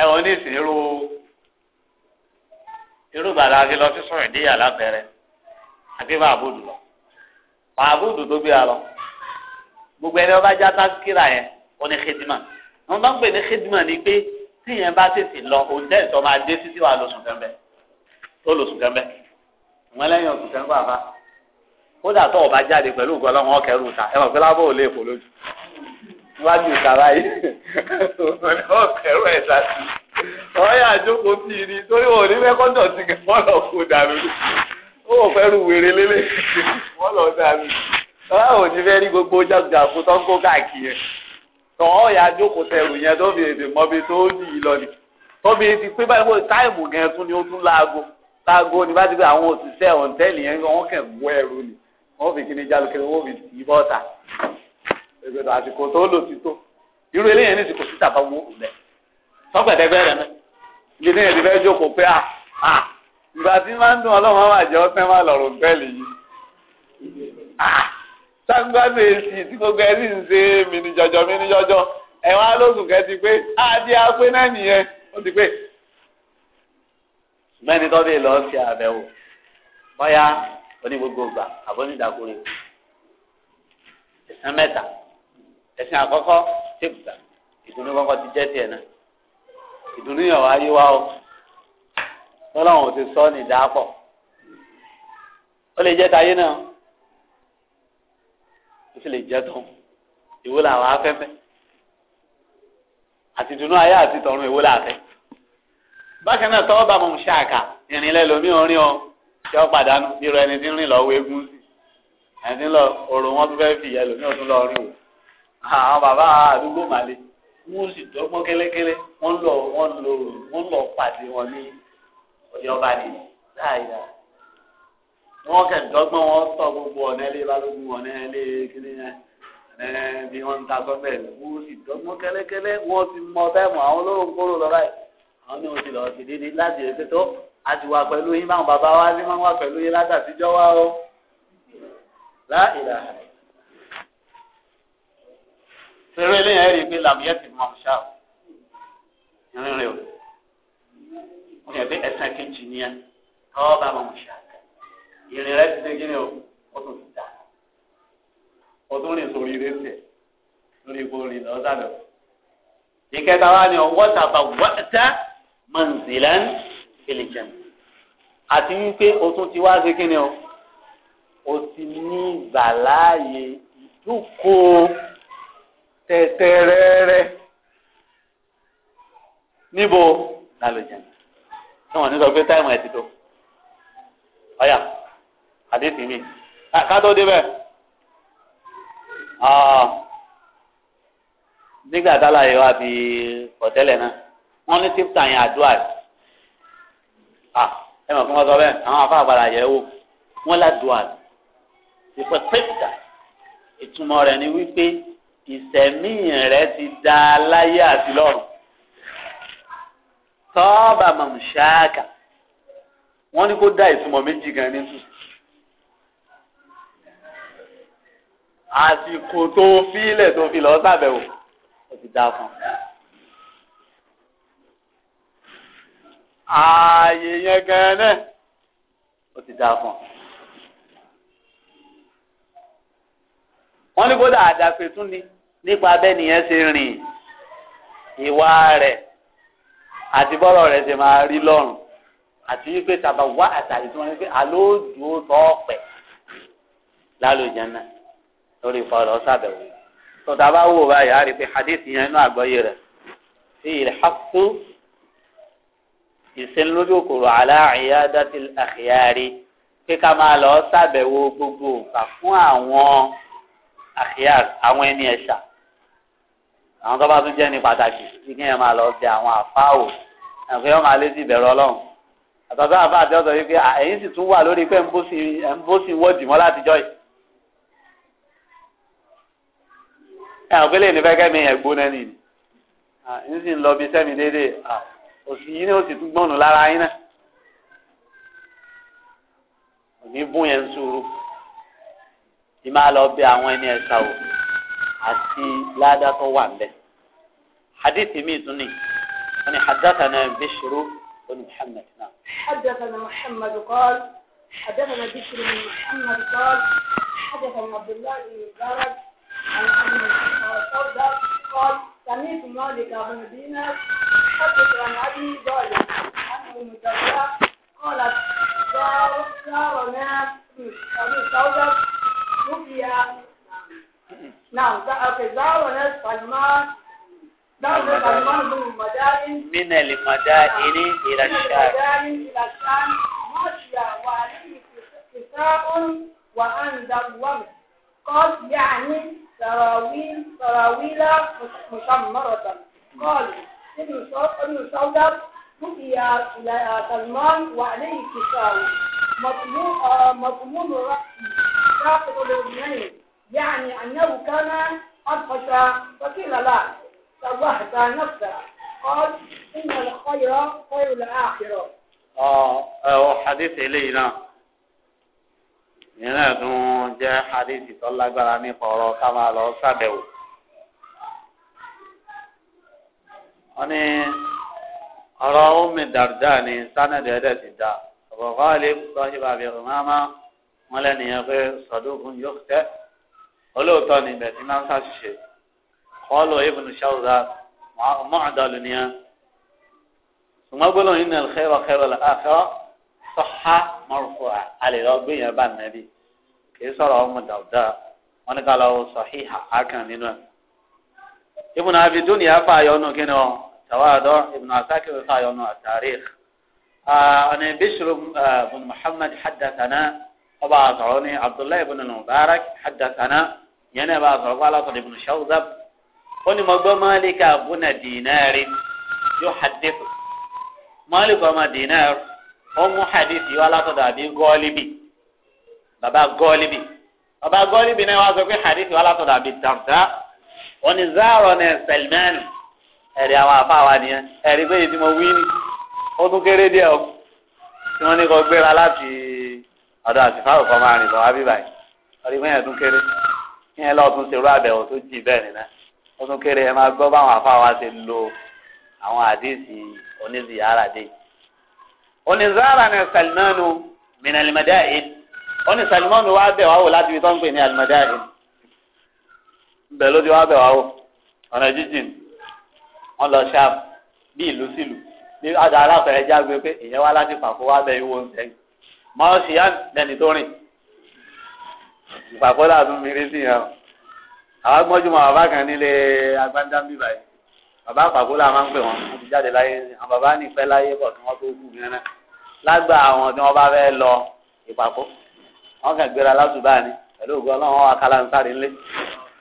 ẹ wọ́n ní ìsìn irú irú bàrà àti lọ sí sọ̀rọ̀ ìdíyà lábẹ́rẹ́ àti màbúdù lọ màbúdù tó gbéra lọ gbogbo ẹni ọba já tákìrà yẹn ó ní xidima wọn bá ń pè ní xidima ni pé tíyẹn bá tètè lọ òun dẹ́ẹ̀ tó máa dé títí wàá lóṣù kẹ́mbẹ́ tó lóṣù kẹ́mbẹ́ wọn lẹ́yìn oṣù kẹ́mbẹ́ àfa kódà tó ọba jáde pẹ̀lú ògùn ọlọ́run ọkẹ́rù ta ẹ mọ̀ pé lábọ̀ ò lè fò lójú wájú ìtara yìí ọ̀kẹ́rọ ẹ̀ sàtì ọ̀yà àjókòó sí i ni torí wọn ò ní mẹ́kọ́dọ̀ sí kẹ́ wọ́n lọ kó dànù ni ó wọ́n fẹ́ ru wèrè lélẹ̀ wọ́n lọ dànù ọ̀yà ò ní fẹ́ rí gbogbo jágùjàgù tó ń kó káàkiri tọ́ ọ̀yà àjókòó sẹ́rù yẹn tó fi èdè mọ́bi tó dì í lọ ni tóbi ti pé báyìí kó táìmù gan tún ni ó tún láago láago ni bá ti pé àwọn òṣìṣẹ́ òǹtẹ́ẹ̀lì yẹn wọ́n kẹ̀ wọ ẹrù ni wọ́n fi kíni jálùkẹ́rẹ́ wọ́n fi tì í bọ́ta ìgbésẹ̀ àsìkò tó lò ti tó irú eléyìí ní ìsìnkú síta bá wó òlẹ̀ sọ́gbẹ̀dẹ́gbẹ́ rẹ̀ mẹ́ ilé ní ìdílé jókòó pé à ah, à ah, ìgbà tí máa ń dùn ọlọ́run máa jẹ́ ọtẹ́ máa lọ̀rọ̀ bẹ́ẹ̀lì yìí à ah, sáńgbádùn èsì tí gbogbo ẹni ń ṣe mí ní jọjọ mí ní jọjọ ẹ̀wọ̀n alóògùn kẹ́ ti pé àdí apé náà nìyẹn ó ti pé mẹ́ni tó dé lọ sí àbẹ̀wò bọ́yá oní gbogbo gbà àbọ̀ nídàkúrẹ́ ìsán mẹ́ta ẹ̀sìn àkọ́kọ́ tìbùtà ìdùnnú kọ́kọ́ ti jẹ́ tiẹ̀ náà ìdùnnú yàn wá yé wa o lọ́lọ́run ò ti sọ ní ìdáàpọ̀ ó lè jẹ́ tayé náà ó sì lè jẹ́ tán ìwó làwọn afẹ́fẹ́ àti ìdùnnú ayé àti tọ̀run ìwó làfẹ́ bákan náà tọ́wọ́ bá mọ̀ ń ṣàkà ìrìnlẹ̀ lomi orin o tí ó pàdánù bí irú ẹni tí ń rìn lọ́wọ́ eégún sí ẹni tí ń lọ òrò wọn tún fẹ́ fìyà lomi ò tún lọ rìn wò àwọn bàbá àdúgbò màlẹ wọn sì dọ́gbọ́n kẹ́lẹ́kẹ́lẹ́ wọn lọ wọn lọ wọn lọ pàdé wọn ní ọyọba ni láàyè wọn kẹ dọ́gbọ́n wọn tọ gbogbo ọ̀nà ilé balógun ọ̀nà ilé kíní ẹ bí wọn ń ta sọgbẹ wọn sì dọ́gbọ́n kẹ́lẹ́kẹ́lẹ́ wọn ti mọ bẹ́ẹ̀ mọ àwọn olóró ń kóró lọ báyìí àwọn ní oṣù lọ sí dídí láti ètò tó a ti wà pẹ̀lú yín báwọn bàbá wa ní máa wà pẹ̀lú yín látàtijọ́ wa o láìláà sẹ́rẹ́ eléyàn ẹ̀rí pé làmúyẹ́tì mọ̀ ṣá o ìrìn rẹ̀ o wọ́n yẹ pé ẹ̀sán kejì ni ẹ tọ́ bá mọ̀ ṣá ìrìn rẹ̀ ti dé gíní o ó tún ti dà ó tún rìn sórí ilé tẹ̀ lórí ipò rìn lọ sábẹ̀ o. ìkẹta wa ni ọwọ́ tàbá wọ́tá mọ̀nzílán fìlìjẹ̀m àti wípé o tún ti wá sí gíní o o ti ní ìgbàláàyè ìdúkòó tẹ̀tẹ̀rẹ́rẹ́ níbo lálùjẹ́ tí wọ́n ní sọ pé táìmù ẹ̀ ti tó ọ̀yà àdéhùn mi ká tó débẹ̀ nígbà tá láyé wa fi ọ̀tẹ́lẹ̀ náà wọ́n ní típtà yẹn àdúrà ẹ̀ mọ̀ fún wọn sọ bẹ́ẹ̀ àwọn afáàgbàrà yẹ̀ wò wọ́n ládùúrà ìpẹ́ pẹ́ẹ́tà ìtumọ̀ rẹ̀ ni wípé ìsẹ̀mí rẹ ti da láyé àti lọ́run tọ́ọ̀bà mọ̀mùsáàkà wọ́n ní kó dá ìtumọ̀ méjì gan nítú àsìkò tó fílẹ̀ tó fi lọ ṣàbẹ̀wò ó ti dá fún ààyè yẹn gan náà ó ti dá fún. wọ́n ní kódà àdàpè tún ni nípa abẹ́nìyẹn ṣe rìn ìwà rẹ̀ àti bọ́rọ̀ rẹ̀ ṣe máa rí lọ́rùn àti wípé tàbá wá àtàrí tí wọ́n ní pé àlóòdù ó tọ́ ọ̀pẹ̀ lálùjẹ́ náà lórí ìfọ̀rọ̀ ṣàbẹ̀wò tó tàbá wò báyìí á rí i pé hadith yẹn inú àgbọ́yé rẹ̀ sí ìlhàkú ìsinlójú kòrò aláàyè adátil pé ká máa lọ ṣàbẹ̀wò gbogbo nǹkan fún àwọn àkíyàs àwọn ẹni ẹ̀ṣà àwọn tó bá tún jẹ́ ní pàtàkì bí kí ẹ máa lọ bẹ àwọn àfáàwò ẹ̀fẹ́ wọn máa lé sí ìbẹ̀rù ọlọ́run àtọ́tọ́ àfa àti ọ̀sọ̀ yìí pé ẹ̀yìn sì tún wà lórí pé ń bó sí wọ́ọ̀dì mọ́ látijọ́ yìí. ẹ ò nífẹ̀ẹ́ kẹ́mi ẹ̀gbọ́n náà nìyí ń sì ń lọ bí sẹ́mi déédéé òsì yìí ni ó sì tún gbọ́nù lára yín náà òní bún yẹn ń sùúrù. tí máa lọ bí àwọn ẹni ẹ̀ka o àti ládàtọ̀ wà ń bẹ̀. hadith mi tún ni wọ́n ní hadathana bishiru wọn ni muhammad náà. hadathana muhammad qal hadathana bishiru ni muhammad qal hadathana abdullahi bin mubarak an amin sawda qal سمعت مالك بن دينار حدث عن ابي ظالم انه مدرسه قالت زارنا ابي سوداء يبيا نعم كذا وناس سلمان من المدائن من المدائن إلى الشام مشي وعليه كتاب وعند الومس قال يعني سراويل سراويل مشمرة قال ابن ابن سودة بقي سلمان وعليه كتاب آه، مضمون مضمون رأسي حافظ لأذنيه يعني أنه كان أبخش فقيل لا فضحت نفسه قال إن الخير خير الآخرة آه وحديث إلينا yìnyín tún jẹ́ hadithi tó lágbára nípa ọ̀rọ̀ ká máa lọ ṣàbẹ̀wò. wọ́n ní ọ̀rọ̀ Ummi Darda ní sanadi ẹ̀dẹ̀ ti dá ọ̀rọ̀ Ghalib sọ́yìn bàbá ìrùmámá. مال نیاگه صدوقون یخته هلو تانی بیت این هم ساشه خالو ابن شوزا معدل نیا سما بلو این ان و خیر الاخر صحه مرفوع علی را بیا بن نبی که سر آم دو دا من قلعه صحیح حکن نینو ابن عبی دنیا فایانو کنو توادر ابن عساکر فایانو التاریخ آه, آه, آه, آه, آه, آه, آه, آه, آه, آه, آه بشر بن محمد حدثنا ọba àsọ̀rọ̀ ní abdullahi ibn mubarak hadathana yẹn náà bá àsọ̀rọ̀ kó alásọ̀rọ̀ ibn shawzab ó ní mo gbọ́ málíkà abúna dìínárì yóò hadithu málíkà ọmọ dìínárì ó mú hadith yóò alásọ̀rọ̀ àbí gọ́ọ́líbì bàbá gọ́ọ́líbì bàbá gọ́ọ́líbì náà wá sọ pé hadith yóò alásọ̀rọ̀ àbí dàrdà ó ní záàrọ̀ ní salman ẹ̀rí àwọn àfáwa nìyẹn ẹ̀rí pé ìdí mo wí kéré díẹ̀ o tí wọ́n ní kó gbéra láti ọ̀dọ̀ àtìfáàrò kan máa rìn lọ wá bí báyìí ọdún ìpínyà tún kéré ní ẹ lọ́ọ̀tún ṣerú àbẹ̀wò tó jì bẹ́ẹ̀ nìyẹn ó tún kéré ẹ máa gbọ́ báwọn afáà wa ṣe lo àwọn àdéhìsì onízìyàrá dé onízàrà ni Salmanu min al-Mada'in oní Salmanu wá bẹ̀ wá wò láti ibi tó ń pè ní al-Mada'in bẹ̀ ló ti wá bẹ̀ wá wò ọ̀nà jíjìn wọn lọ ṣáàbù bí ìlú sílù bí adà aláfẹ̀ẹ́ jágbe pé ìyẹn wá láti pàfó wá bẹ̀ ìwò ń sẹ́yìn mọ́ọ̀sì yá lẹ́ni tó rìn ìpàkọ́ dà tún mìíràn sí yẹn o àwọn agbọ́njúmọ̀ bàbá kan nílé agbáńdámbì báyìí bàbá àpàkọ́ là máa ń pè wọ́n wọ́n ti jáde láyé àwọn bàbá ní ìfẹ́ láyé bọ̀ kí wọ́n tó kú yẹn náà lágbà àwọn tí wọ́n bá fẹ́ lọ ìpàkọ́ wọ́n kàn gbéra látùbá ni pẹ̀lú ògùn ọlọ́run wọn akálánsáre ńlé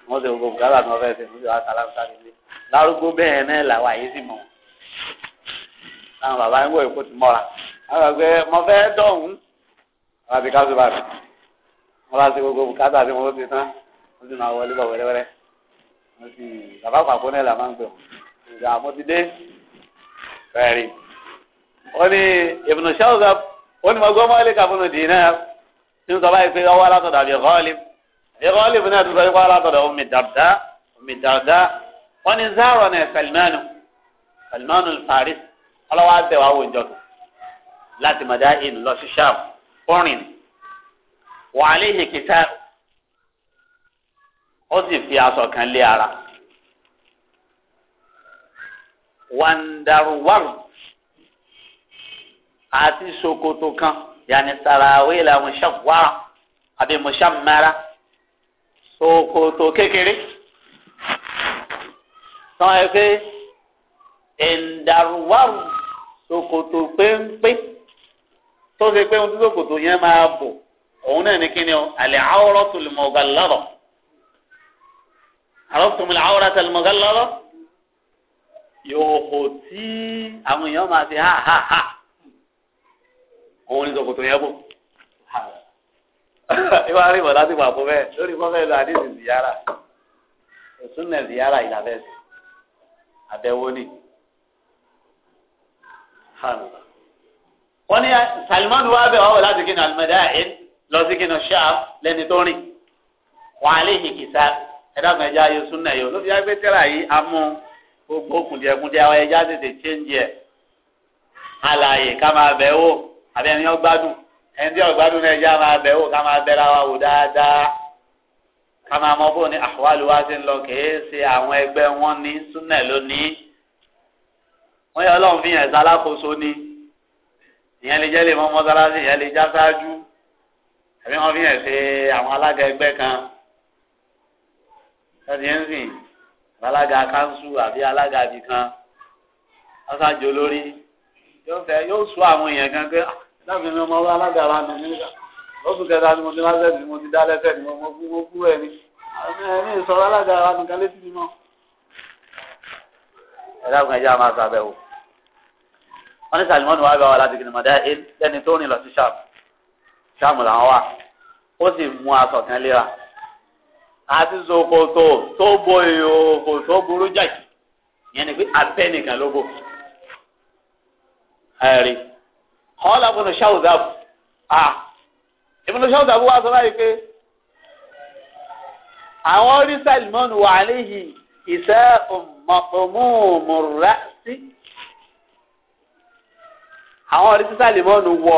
wọ́n ti gbogbo bùkálà tí wọ́n fẹ́ ṣe wọ́n ti wọ́n akálánsáre ńlé lárúgbó bẹ́ẹ̀ náà làwọn àyè sì mọ̀ wọn àwọn bàbá ń wọ̀ èkó ti mọ́ra àwọn àgbẹ̀ mọ̀ fẹ́ dọ̀hún wọn àti káṣí bá mi wọn bá ṣe gbogbo bùkátà tí wọn ti tán wọn sì máa wọlé bọ̀ wẹ́rẹ́wẹ́rẹ́ wọn sì bàbá pàpọ̀ náà là máa ń gbé wọn ìgbà àmọ́ ti dé fẹ́ẹ̀rí. ó ní Ibn Shawzab ó ní mọ̀gbọ́n mọ́lẹ́ kàfọ́nù dìínà tí ń sọ báyìí pé ọwọ́ alátọ̀dọ̀ àbí Ghalib àbí Ghalib náà tó sọ wípé alátọ̀dọ̀ Ummi Darda Ummi Darda wọ́n ní zaro ní Salmanu Salmanu Faris ọlọ́wọ́ àbẹ̀wò àwọn ìjọ láti Madain lọ sí Sham. orin wàhálà ìhìkìtà ó sì fi aṣọ kan lé ara wàndàrúwàrù àti ṣòkòtò kan yàní sàràwé la mùsàwárà àbí mùsàmára ṣòkòtò kékeré tán ẹ pé ẹ̀ǹdàrúwàrù ṣòkòtò tó ṣe pé ohun tó ṣòkòtò yẹn máa bò òun náà ní kíni o àlẹ́ àwòrán tó lè mọ̀ ọ̀gá lọ́rọ̀ àrọ́tùmí àwòrán tó lè mọ̀ ọ̀gá lọ́rọ̀ yóò kò tí àwọn èèyàn máa ṣe ha ha ha òun ní ṣòkòtò yẹn bò ìwà rí bọ̀ láti pàpọ̀ bẹ́ẹ̀ lórí fọ́fẹ́ lọ àdéhùn ziyara òsúnnà ziyara ìlàbẹ́sì àbẹ̀wò ni. Hallelujah wọ́n ní Salman wá bẹ̀ wọ́n wọ̀ láti kí ni alimadain lọ sí kí ni ṣáà lẹ́ni tó rìn wọ́n alẹ́ ìhìkìsá ẹ̀dá kan ẹja yóò súnà yóò ló fi yàgbé tẹ́lá yìí amú gbogbo kùndìẹ̀kùndìẹ̀ àwọn ẹja tètè chéńjì ẹ̀ alààyè ká máa bẹ̀ wò àbí ẹni ọgbádùn ẹni tí ọgbádùn náà ẹja máa bẹ̀ wò ká máa bẹ̀ra wa wò dáadáa ká máa mọ bóun ní àwálù wá sí lọ kèé ṣe àwọn ẹgbẹ́ wọn ní súnà lónìí wọ́n yọ ọlọ́run fi hàn sálákòóso ní ìyẹn lè jẹ́ lè mọ mọ́sálásí ìyẹn lè já sáájú àbí wọ́n fi hàn ṣe àwọn alága ẹgbẹ́ kan ẹ̀sìn yẹn sìn alága kanṣu àbí alága ibì kan ọ̀sájú olórí yóò fẹ́ yóò sọ àwọn èèyàn kan pé ah, dábìí ni ọmọ alága wa nù nígbà lọ́sùn kẹta ni mo ti lásẹ̀ ni mo ti dá lẹ́sẹ̀ ni mo kú mo kú ẹ̀ ni ẹni ìsọ̀rọ̀ alága wa nìkan létí mi mọ́. ẹ dákun ẹ jẹ́ àwọn wò wọ́n ní Salimani wà bá wa láti gbìyànjú mọ̀dá ẹni tó rìn lọ sí ṣáàmù ṣáàmù làwọn wà ó sì mú aṣọ kan léra àti ṣòkòtò tó bo ìhòòhò tó burú jàjì yẹn ni pé abẹ́nìkan ló bò ẹ̀rí kọ́lá ibùdó ṣáwùzáàbù à ibùdó ṣáwùzáàbù wà sọ báyìí pé àwọn rí Salimani wà níhì ìṣe òmùmùrà àwọn ọ̀rẹ́ sísá lèmọ́ọ̀nù wọ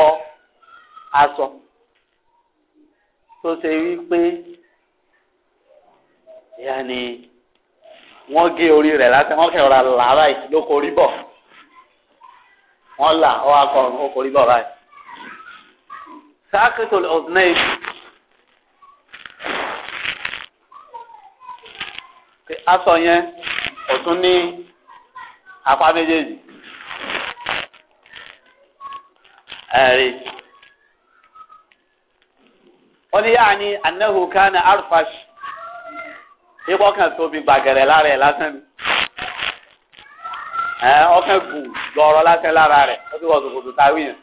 aṣọ tó ṣe wípé yanni wọ́n gé orí rẹ̀ láti wọ́n kẹ́rọ̀ra làárá yìí ló korí bọ̀ wọ́n là ó akọrùn ó korí bọ̀ báyìí. sáàkìtò ọ̀dùnẹ́yì aṣọ yẹn ọ̀tún ní apá méjèèjì. ẹ̀rí. wọ́n ní yáà ní kana arfash ipò kan tóbi gbàgẹ̀rẹ̀ lára ẹ̀ lásán ọkàn ó ti táwí yẹn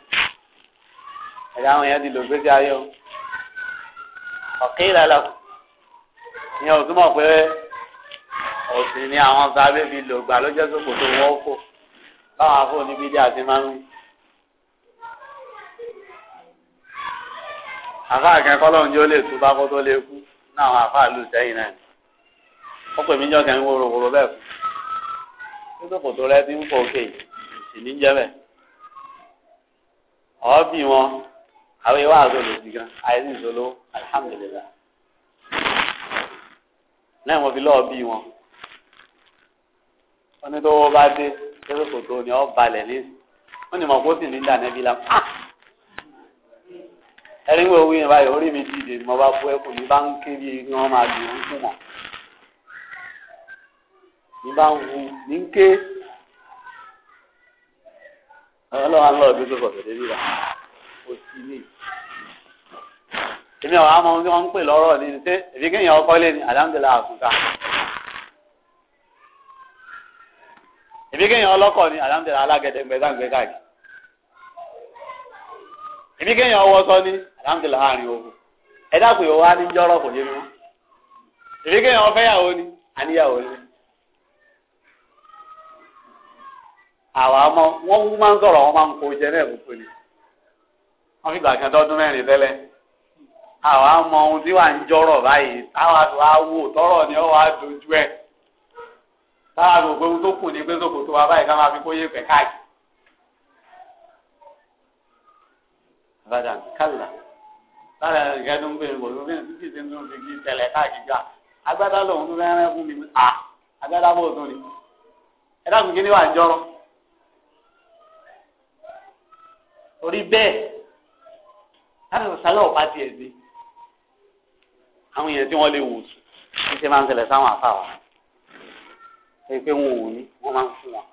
àwọn ti lò gbèsè ni àwọn sábẹ́ fi lò àfa àkẹ́kọ̀ọ́ lọ́run jẹ́ ó lè túbá kó tó lè kú náà àwọn àfa àlù sẹ́yìn náà wọ́n pè mí jọ kẹ́ ń wóró wóró bẹ́ẹ̀ fún tó kòtò rẹ ti ń fò òkè sì ní jẹ́bẹ̀ ọ̀ọ́bì wọn àwọn ìwà àti olùsí gan àìsí ìṣòro alihamudulila náà wọ́n fi lọ́ọ́ bí wọn wọ́n ní tó wọ́n bá dé tó kòtò ni ọ́ balẹ̀ ní wọ́n ní mọ̀ kó sì ní dànẹ́bí la. ẹni wo wí báyìí orí mi dìde mo bá fún ẹkùn mi bá ń ké bí wọn máa lù ú fún mọ mi bá ń wu mi ń ké ọlọ́wà ń lọ ọdún tó kọ̀tọ̀ débi rà ó sì ní. èmi àwọn àmọ́ wọn ń pè lọ́rọ̀ ní ṣé èmi kéèyàn ọkọ èmi kéèyàn ọlọ́kọ̀ káàkiri èmi kéèyàn ọwọ́ sọ alhamdulilayi àárín ogun ẹ dákun yòówó á ní jọrọ kò yé mi mọ èmi kéèyàn ọfẹ yàwó ni àníyàwó ni àwọn mọ wọn kú máa ń sọ̀rọ̀ wọn máa ń kó ni wọn fi gbà kan dọdún ọmọ ohun tí wà ń tọrọ ni ọwọ́ àdójú ẹ tó kù ní wa báyìí ká máa fi pẹ lára ẹ̀ka tó ń bèrè bò ló fẹ́ràn títí tí ń fi kí tẹ̀lẹ̀ káàkiri agbádá lòun tó fẹ́ràn fún mi à agbádá bò tó ni ẹ dákun kí ni wà jọrọ. orí bẹ́ẹ̀ láti sàlẹ̀ ọ̀pá tiẹ̀ sí àwọn èèyàn tí wọ́n lè wò sùn ní ṣe máa ń ṣẹlẹ̀ sáwọn àfa wa ẹ pé wọn ò ní wọ́n máa ń fún wọn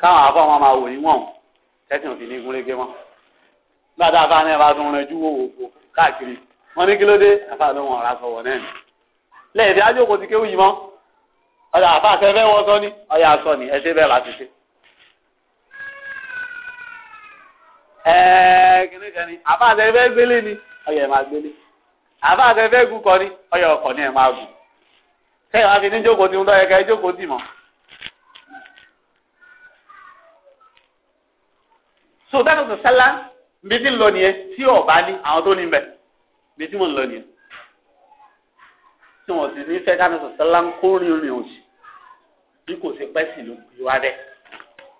káwọn àfa wọn máa wò ní wọn kẹ́sìn òfin ní gúnrégé wọn gbàtà àfa náà bá tún rìn ju wò wò káàkiri wọn ní kí ló dé àfa ló wọn ọ̀rá sọ̀wọ̀ náà ni lẹ́yìn tí ajókòó ti kéwù yìí mọ́ ọ̀dà àfa àtẹ́fẹ́ wọ sọ ni ọ̀yà sọ ni ẹ ṣe bẹ́ẹ̀ láti ṣe. ẹ̀ẹ́ kìnnìkan ni àfa àtẹ́fẹ́ gbélé ni ọ̀yà ẹ̀ máa gbélé àfa àtẹ́fẹ́ gùn kọ ni ọ̀yà ọkọ̀ ni ẹ̀ máa gùn kẹ́yìn wá fi ní jókòó tí mo tọ́ yẹ ká ẹ jókòó tì mọ́. so dákòtò sálá nbí tí ń lọ nìyẹn tí ọba ní àwọn tó ní bẹ nbí tí mò ń lọ nìyẹn tí wọn sì ní fẹ́ káfíńsì sọlá ń kó rìn rìn òsì bí kò sí pẹ́ sí ló fi wá bẹ́ẹ̀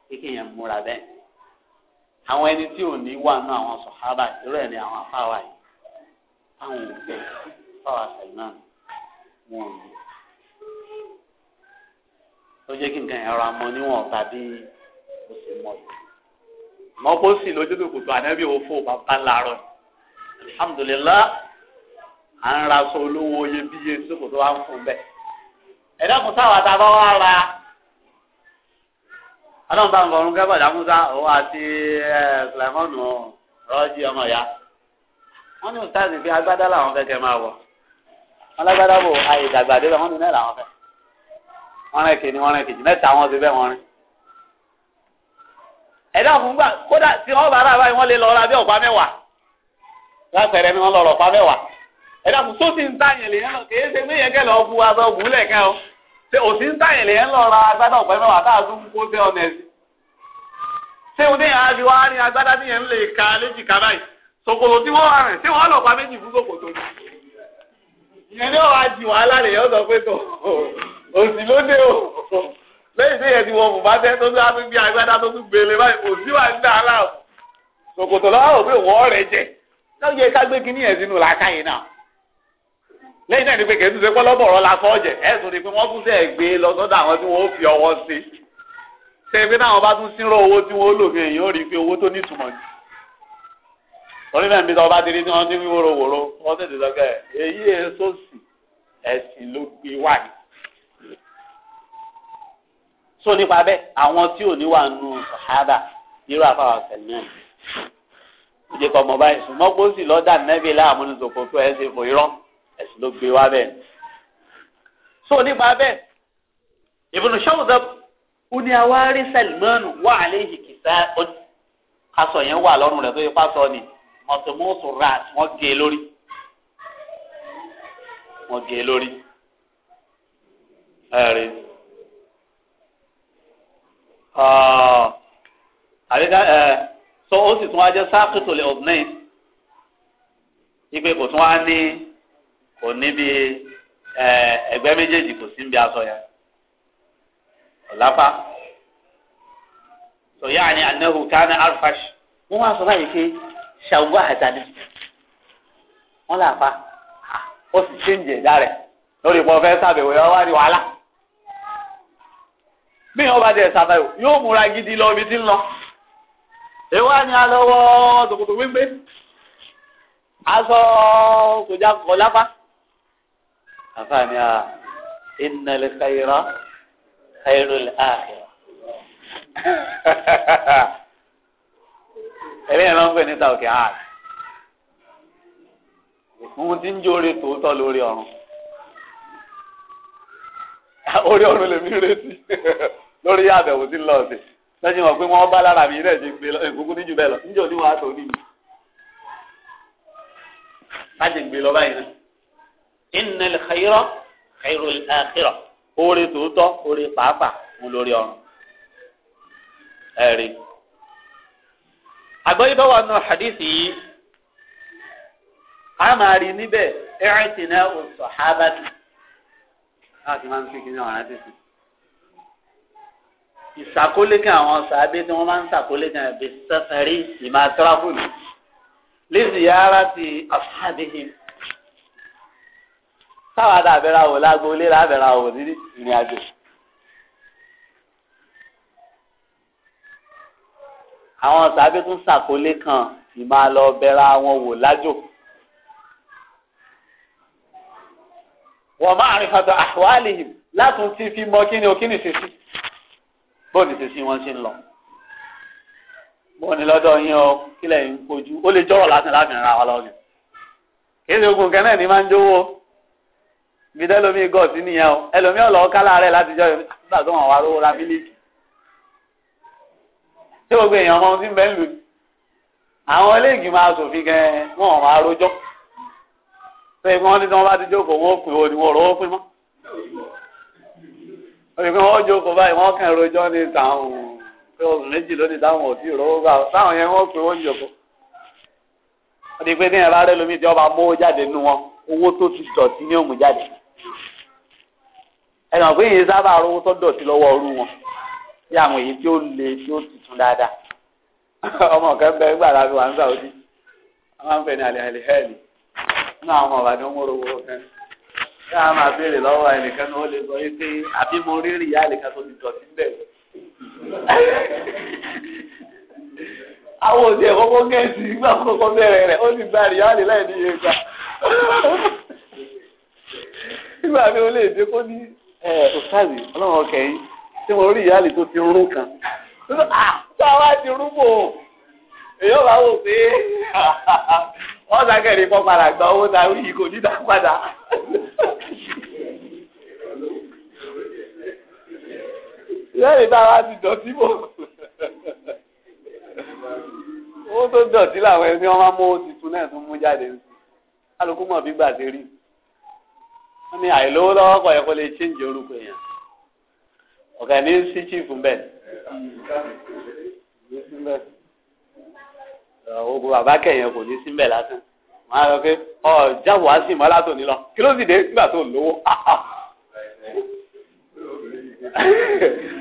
kékeré yẹn múra bẹ́ẹ̀ àwọn ẹni tí ò ní wà náà àwọn sọ̀hábà irú ẹ̀ ní àwọn afáwà yìí àwọn òbẹ̀ fáwà sẹ̀yìn náà wọn ò lò ó jẹ́ kí nǹkan ẹ̀rọ amọ̀ níwọ̀n tàbí ó sì mọ̀ yìí mọ kó sì lójútùú kùtù ànábì òfò bàbá làárọ alhamdulilá à ń ra aṣọ olówó iyebíye tí kò tó wá ń fún bẹ ẹ̀dá kò sáwà tá a bá wá ra ọlọ́run bá ń bọ̀ ọ̀run gẹ́gbọ̀dá musa òun àti sulaimanu rọ́ọ̀jì ọmọ ìyá wọ́n ní ustaz fi agbádá làwọn fẹ́ kẹ́ máa wọ̀ wọ́n lágbádá bò àyè ìdàgbàdé lọ wọ́n ní náà làwọn fẹ́ wọ́n rìn kìíní wọ́n rìn kìíní mẹ́ta wọ́n ti bẹ́ẹ̀ wọ́n rìn. ẹ̀dá fún gbà kódà tí wọ́n bá ara báyìí wọ́n lè lọ ra bí ọ̀pá mẹ́wàá lápẹ̀rẹ̀ ni wọ́n lọ rọ̀pá mẹ́wàá ẹ̀dá fún tó ti ń lè yẹn lọ yẹn òsì ń tàyẹ̀ lè yẹn lọ ra agbádá ọ̀pá mẹ́wàá tá a tún kó tẹ ọ̀nà ẹ̀sìn ṣé wọn déyàn á wá lẹ́yìn tí yẹn ti wọ bùbá tẹ́ tó bá tún bí agbádá tó tún gbélé báyìí kò sí wà nígbà aláàbò kòkòtò lọ́wọ́ ò pé wọ́ọ́ rẹ̀ jẹ lọ́wọ́ yẹ ká gbé kínní yẹn sínú náà lẹ́yìn náà ni pé la sọ ọ̀jẹ̀ ẹ̀sùn ni pé wọ́n tún sẹ́ gbé lọ sọ́dọ̀ àwọn tí wọ́n fi ọwọ́ sí sẹ́gbẹ́ náà wọ́n bá tún sínú owó tí wọ́n ni orí náà tí wọ́n ti so nípa bẹ́ẹ̀ àwọn tí ò ní wà nù sàhábà irú àfàwà sẹ̀lẹ̀ ìdè kan mọ̀ báyìí ṣùgbọ́n gbósì lọ́dà nẹ́bí láàmú ní sòkò tó ẹ̀ ṣe fò irọ́ ẹ̀sìn ló gbé wá bẹ́ẹ̀. so nípa bẹ́ẹ̀ Ibn Shawzab ó ní awárí Salman wà alayhi kìsà aṣọ yẹn wà lọ́rùn rẹ̀ tó yẹ pásọ ni mọ̀tòmọ́tò rat wọ́n gé e lórí wọ́n gé e lórí ẹ̀rí. Ah, àríká ẹ eh, sọ ó si tún wá jẹ sáàkìtò lè ipe kò tún wá ní kò ní bí eh, ẹgbẹ́ méjèèjì kò sí níbi aṣọ yẹn ọ̀lápá sọ yáà ní anahu kánà alfash wọ́n wá sọ báyìí pé ṣàwùwá àtàní wọ́n làpá ah, bí wọn bá dẹ̀ sàbẹ̀wò yóò múra gidi lọ ibi tí ń lọ. èèwà ni alọ́wọ́ tòkòtò wípé aṣọ kòjá kọ̀ lápá. àfa ni a innal khayra khayrul akhirah. ẹlẹ́yìn náà ń pè ní tàwùkì ààrẹ. ohun tí ń jóore tòótọ́ lórí ọ̀run orí ọ̀run lèmi retí lórí àbẹ̀wò tí ń lọ sí lọ́sí wọn pé wọ́n bá lára mi rẹ̀ ti gbé egungun níjù bẹ́ẹ̀ lọ níjọ́ ní wàá tó ní mi. láti gbé lọ báyìí náà innal khayra khayrul akhirah oore tòótọ́ oore pàápàá mo lórí ọ̀run. ẹ̀rí àgbọ̀yé bá wà nù hadithi yìí a máa rí níbẹ̀ ẹ̀rìn tì náà ò sọ̀ hábàtì láti máa ń fi kíní ọ̀rá títì. ìṣàkólékẹ́ àwọn sàábé tí wọ́n máa ń ṣàkólékẹ́ ẹ̀bí sẹ́fẹ̀rí ìmọ̀ àtúráfòlù lẹ́sìyàrá ti àfáàdéhìn. sáwọn adá àbẹ̀rẹ̀ àwò lágbo ilé lábẹ̀rẹ̀ àwò ní ìrìn àjò. àwọn sàábé tún ṣàkólékàn ìmọ̀ àlọ́ bẹ̀rẹ̀ àwọn wò lájò. wọ́n máa rìn fàtọ̀ àwálìhìm látún ti fi mọ kíni o kíni ṣèṣì bóun ní ṣèṣì wọn ṣe ń lọ bóun ní lọ́dọ̀ yín o kílẹ̀ ń kojú ó lè jọ́rọ̀ lásán láti rìn ra wa lọ́gàn kí ni ogun kẹ́nẹ́ ni máa ń jówó gbìdẹ́ lomi gọ̀ọ̀sì nìyẹn o ẹlòmíọ̀ lọ́ọ́ kálá rẹ̀ láti jọ́ nígbà tó wọn wá rówó ra mílíkì tí gbogbo èèyàn ọmọ ti ń bẹ́ẹ̀ lù àwọn ilé ìgbìmọ̀ tó yẹ kí wọ́n bá ti jókòó wọ́n pin òní wọ́n rọ́wọ́ pin mọ́. wọ́n yẹ jókòó báyìí wọ́n kàn rojọ́ ní tàwọn pé oṣù méjì lónìí táwọn ò tí ì rọ́wọ́ gbà táwọn yẹn wọ́n pin wọ́n jókòó. wọ́n ti pé ní ẹ̀rọ arẹ́ lomi ìjọba mówó jáde nínú wọn owó tó ti dọ̀tí ní òmù jáde. ẹ̀nà pé yìí sábà rówó tó dọ̀tí lọ́wọ́ ọrú wọn bí àwọn èyí tí ó le tí ó tuntun dáadáa [LAUGHS] ọmọ kan gbàdá fi wà ń sàwọ́dí wọ́n máa ń pè ní àlè àlè nínú àwọn ọ̀rọ̀ àdó mọ́rọ̀ owó kan kí a máa béèrè lọ́wọ́ ẹnìkan ní ó lè sọ pé àbí mo rí rí ìyá ẹnìkan tó ti dọ̀tí ń bẹ̀. àwọn òde ìkókó gẹ̀ẹ́sì nígbà kókó bẹ̀rẹ̀ rẹ̀ ó sì gba ìyá ẹnì láì ní iye gbà. nígbà mi ò lè dé kó ní ọ̀sáàzì ọlọ́run ọkẹ́ yìí tí mo rí ìyá ẹnì tó ti rún kan. tó ah, a wá ti rúbò èèyàn bá wò pé wọ́n sàkẹ́rì kọ́ padà gba owó ta yìí kò ní dá padà. lẹ́yìn tá a wá ti dọ̀tí bò owó tó dọ̀tí làwọn ẹni wọn máa mú owó tuntun náà tún mú jáde ní kálukú mọ̀ bí gbà ṣe rí wọ́n ní àìlówó lọ́wọ́ kọ̀ yẹ kó lè ṣéǹjì orúkọ èèyàn ọ̀gá ní sí chief bẹ́ẹ̀ ogun bàbá kẹyìn kò ní síbẹ̀ lásán wọn á sọ pé ọ jáwọ́ á sì mọ́ látò ní lọ kí ló sì dé nígbà tó lówó èèyàn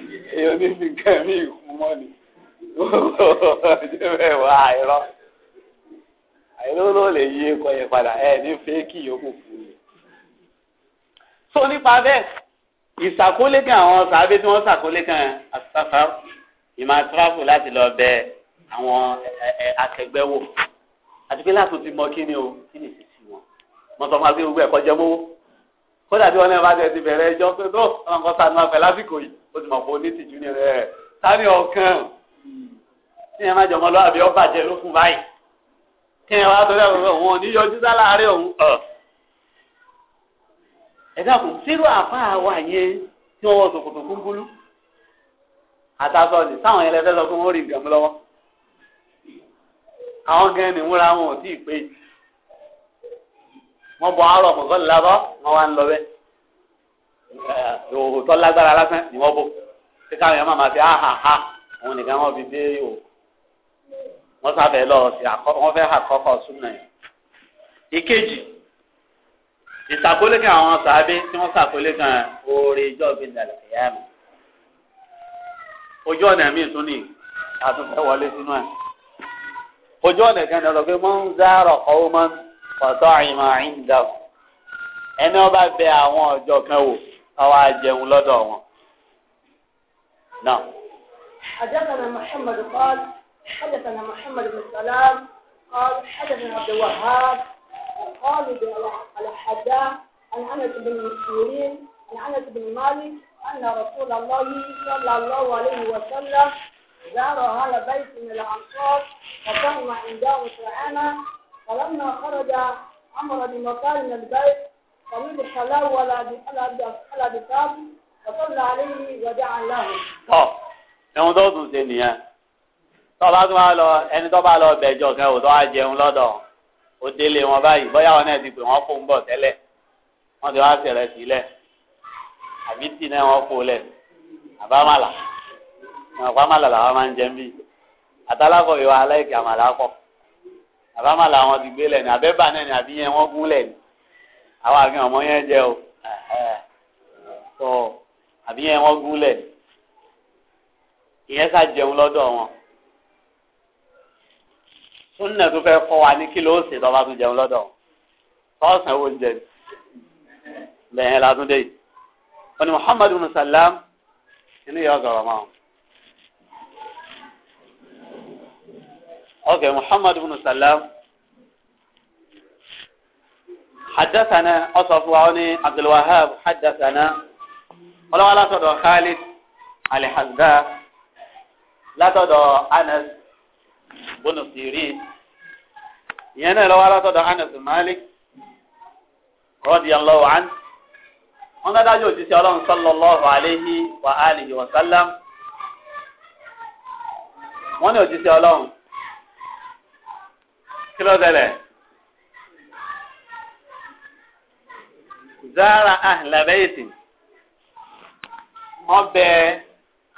ní fi kẹ́ mi ìkún mọ́ ni jẹ́bẹ̀ wá àìrọ́ àìrọ́ ló lè yí ẹ̀kọ́ yẹn padà ẹ̀ ní fẹ́ẹ́kì yòókù fún mi. so nípa bẹ́ẹ̀ ìṣàkólé kan àwọn sàábé tí wọ́n ṣàkólé kan àṣàfà ìmọ̀ àtúráfù láti lọ bẹ́ẹ̀ àwọn akẹgbẹ́ wò àti pé láti ti mọ kí ni o kí ni ìsìsì wọn mo sọ fún wa pé gbogbo ẹ̀kọ́ jẹ́ mówó kódà bí wọn náà bá tẹ̀ ti bẹ̀rẹ̀ ẹjọ́ pé tó ọ̀nà kan sànù afẹ́ lásìkò yìí ó ti mọ̀ pé onítìjú ni rẹ̀ sáré ọ̀kan tí ẹ má jọmọ lọ àbí ọba jẹ ló fún báyìí kí ẹ wá tó dẹ́ ọ̀rọ̀ wọn ní yọjú sáláàárẹ̀ òun ọ̀ ẹ dákun sírò àfáà wà yẹn tí wọ́n wọ sòkòtò kúńkúlú àtàtọ̀ ni táwọn yẹn sọ fún wọn rí ìgbẹ̀mú lọ́wọ́ àwọn gan ni múra wọn ò tí ì pé jù wọn bọ àárọ̀ mọgán lábọ wọn wá ń lọ bẹ òótọ́ lágbára lásán ni wọn bò kíkà yẹn máa ma fi áhà ha òun nìkan wọn fi dé o wọn sábẹ lọ sí àkọ wọn fẹ àkọ́kọ́ súnmọ́ yẹn ìkejì ìsàkólé kan àwọn sàábé tí wọn sàkólé kan oore ìjọ gbẹndàlẹ ẹyà mi ojú ọ̀nà mi tún ní àtúntẹ̀ wọlé sínú ẹ̀ ojú ọ̀nà kan lọ pé wọ́n ń zárọ̀ ọ̀húnmọ́ ọ̀tọ́ àyìnmọ́ àyìndà ẹni wọn bá bẹ àwọn ọjọ́ kan wò àwọn àjẹun lọ́dọ̀ wọn. náà. حدثنا محمد قال حدثنا محمد بن سلام قال حدثنا عبد الوهاب قال الحداث عن انس بن مسيرين عن انس بن مالك ان رسول الله صلى الله عليه وسلم زار أهل بيت من الأنصار فكانوا عندهم سعانا فلما خرج عمر أمر من البيت طبيب الصلاة ولا على بساب فصلى عليه ودعا له. ẹ̀hún tó tún ṣe nìyẹn tó bá tún wá lọ ẹni tó bá lọ bẹ̀jọ kan ò tó wá jẹun lọ́dọ̀ ó délé wọn báyìí bóyá wọn náà ti pè wọn fóun bọ̀ tẹ́lẹ̀ wọn ti wá tẹ̀rẹ̀ sílẹ̀ àbí tì náà wọn kó lẹ̀ àbámàlà ọ̀pá má làlà wọn máa ń jẹ ń bì àtàlákọ̀ ìwà aláìkè àmàlàkọ̀ àbá má làwọn ti gbé lẹ̀ ní abẹ́bà náà ní àbí yẹn wọ́n gún lẹ̀ ní àfi ọmọ yẹn jẹ o tó àbí yẹn wọ́n gún lẹ̀ ní ìyẹn sá jẹun lọ́dọ̀ wọn súnà tó fẹ́ kọ́ wa ní kí ló ṣe tó bá tún jẹun lọ́dọ̀ tọ́sán owó oúnjẹ lẹ́yìn látúndé yìí wọn ni Muhammadu musalam inú yọ ọgọrọ mọ́ ọ́n. ok محمد بن salam حدثنا أصف وعوني عبد الوهاب حدثنا ولو على صدر خالد علي حزداء لا تدع أنس بن سيرين ينا لو على صدر أنس مالك رضي الله عنه wọ́n dájú òjíṣẹ́ ọlọ́run sallallahu alayhi wa alihi wa sallam wọ́n ní kí ló tẹ̀lé. zara ahlabeeti wọn bẹ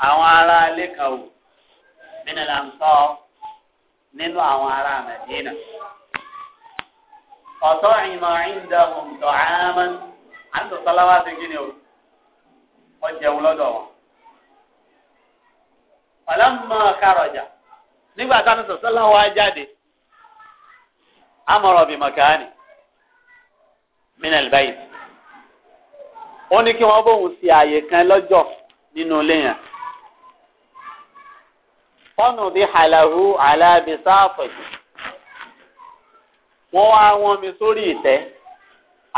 àwọn ará ilé kan wò nínú làǹtọ nínú àwọn ará Mẹdínà ọtọ ìmọ ìdáhùn dọ̀hámán àti sọláwá ti kí ni o wọn ọ amọ̀rọ̀ بمكان من البيت. albayt ó ní kí wọ́n bóun ṣe àyè kan lọ́jọ́ nínú ilé yẹn fọ́nù bí halahu alábísáàfọ̀ wọ́n wá wọn mi sórí ìtẹ́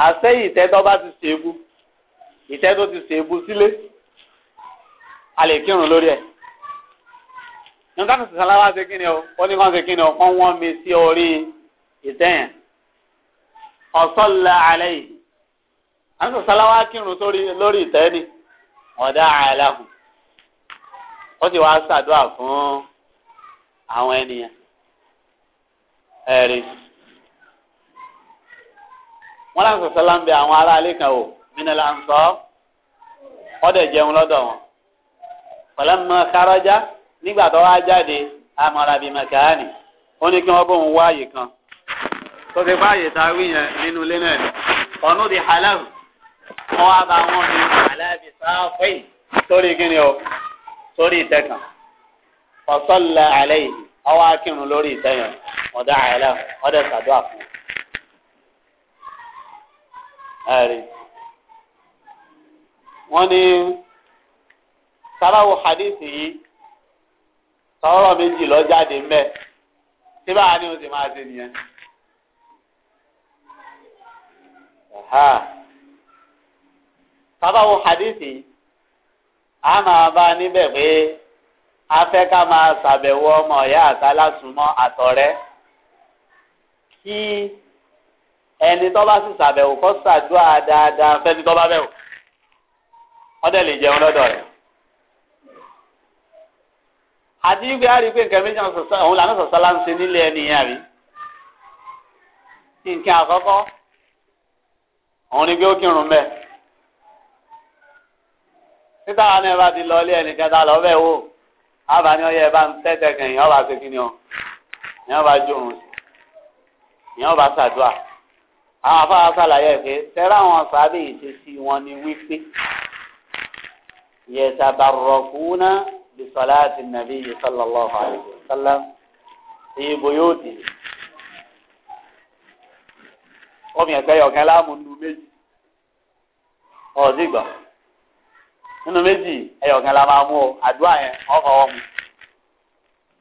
àṣẹ ìtẹ́ tó bá ti ṣègbú ìtẹ́ tó ti ṣègbú sílé a lè kírun lórí ẹ̀ nígbà tó ti sàlábà ṣe kí o ó ní kàn ṣe kí o kàn wọ́n mi sí orí ìtẹ́yẹn ọ̀sọ́lá alẹ́ yìí àwọn sọ̀sọ́láwá kírun lórí ìtẹ́ni ọ̀dá àìláhùn ó sì wáá ṣàdúrà fún àwọn ènìyàn ẹ̀rí wọn láti sọ̀sọ́lá ń bẹ àwọn aráalé kan o mínàlá ń sọ ọ́dẹ̀ jẹun lọ́dọ̀ wọn pẹ̀lẹ́mọ kárọ́já nígbà tó wá jáde amọ̀ràbí mẹ̀káánì ó ní kí wọ́n bóun wá kan tó ti báyìí ta wí yẹn nínú ilé náà ni ọ̀nù di halal wọn wá bá wọn ní alábi sáfẹ́ sórí kíni o sórí ìtẹ́kàn ọ̀sọ́lá alẹ́ yìí ọwọ́ akírun lórí ìtẹ́yàn ọ̀dà àyẹ̀lá ọ̀dà sàdúrà fún un. ẹ̀rí wọ́n ní sáráwò hadithi yìí sọ̀rọ̀ méjì lọ́jáde mẹ́ẹ̀ tí báà o ti máa ṣe nìyẹn. sábà wo hadithi a máa bá níbẹ̀ pé a fẹ́ ká máa ṣàbẹ̀wò ọmọ ìyá àtàlásùmọ́ àtọ̀rẹ́ kí ẹni tó bá sì ṣàbẹ̀wò kó ṣàdúrà dáadáa fẹ́ni tó bá bẹ̀wò ọdẹ lè jẹun lọ́dọ̀ rẹ̀ àti ìgbé àrí pé nǹkan méjì òun làná sọ̀sọ́ láǹṣe nílé ẹni yẹn àrí nǹkan àkọ́kọ́ òun ni pé ó kírun bẹ́ẹ̀ títà wa náà bá ti lọ ilé ẹnìkẹta lọ bẹ́ẹ̀ wò ábà ní ọyẹ bá ń tẹ́tẹ̀ kẹyìn ọba ṣe kí ni ọ ìyẹn ọba jòrùn sí ìyẹn ọba ṣàdúrà àwọn afárá ṣàlàyé ẹ pé tẹ́lá àwọn sábẹ́ ìṣesí wọn ni wípé yẹ̀sàbàrọ̀kúnà bisalati nàbí sallallahu alaihi wasallam ìbò yóò dìde omi ẹgbẹ́ ọ̀kan láàmú nu méjì ọ̀dìgbà nínú méjì ẹyọ kan la máa mú ọ àdúrà yẹn ọkọ̀ ọwọ́ mu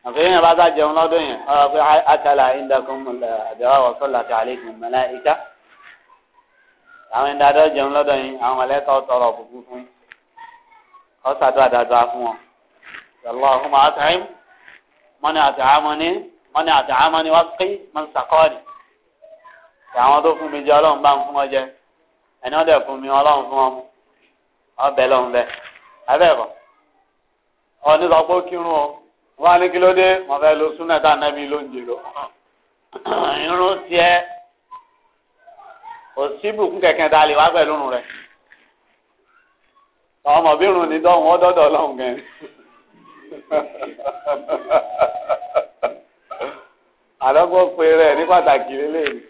àfihàn yẹn bá sá jẹun lọ́dún yẹn ọ̀rọ̀ pé àtàlà ìdàkùn àdéhà wọ̀sọ̀lá ti àlékún mẹ́lá ìka àwọn ìdádọ́ jẹun lọ́dún yẹn àwọn mẹ́lẹ́kọ̀ tọrọ òkùnkùn fún yín ọ̀sàdó àdàdà fún wọn yàrá ọ̀hún àtàìm mọ́ni àtàhámọ́ni mọ́ni àtàhámọ́ni wá pé mọ́ni sàkọ́ọ̀dì àwọn tó fún mi jẹ ọlọ́run bá ń fún ọ jẹ ẹni ọdẹ fún mi ọlọ́run fún ọ mú ọbẹ̀ lọ́hún bẹ́ẹ̀ abẹ́ẹ̀kọ́ ọdún sọ pé ó kírun o wọn á ní kí ló dé wọn fẹ́ lo súnà tá ànábì ló ń jèrò irun tiẹ̀ kò síbùkún kẹ̀kẹ́ tá a lè wá pẹ̀lú irun rẹ̀ àwọn ọmọ bí irun ní dọ́hùn ó dọ́dọ̀ ọlọ́run gan [LAUGHS] àdọ́gbọ́ pe rẹ̀ ní pàtàkì lélẹ́yìn.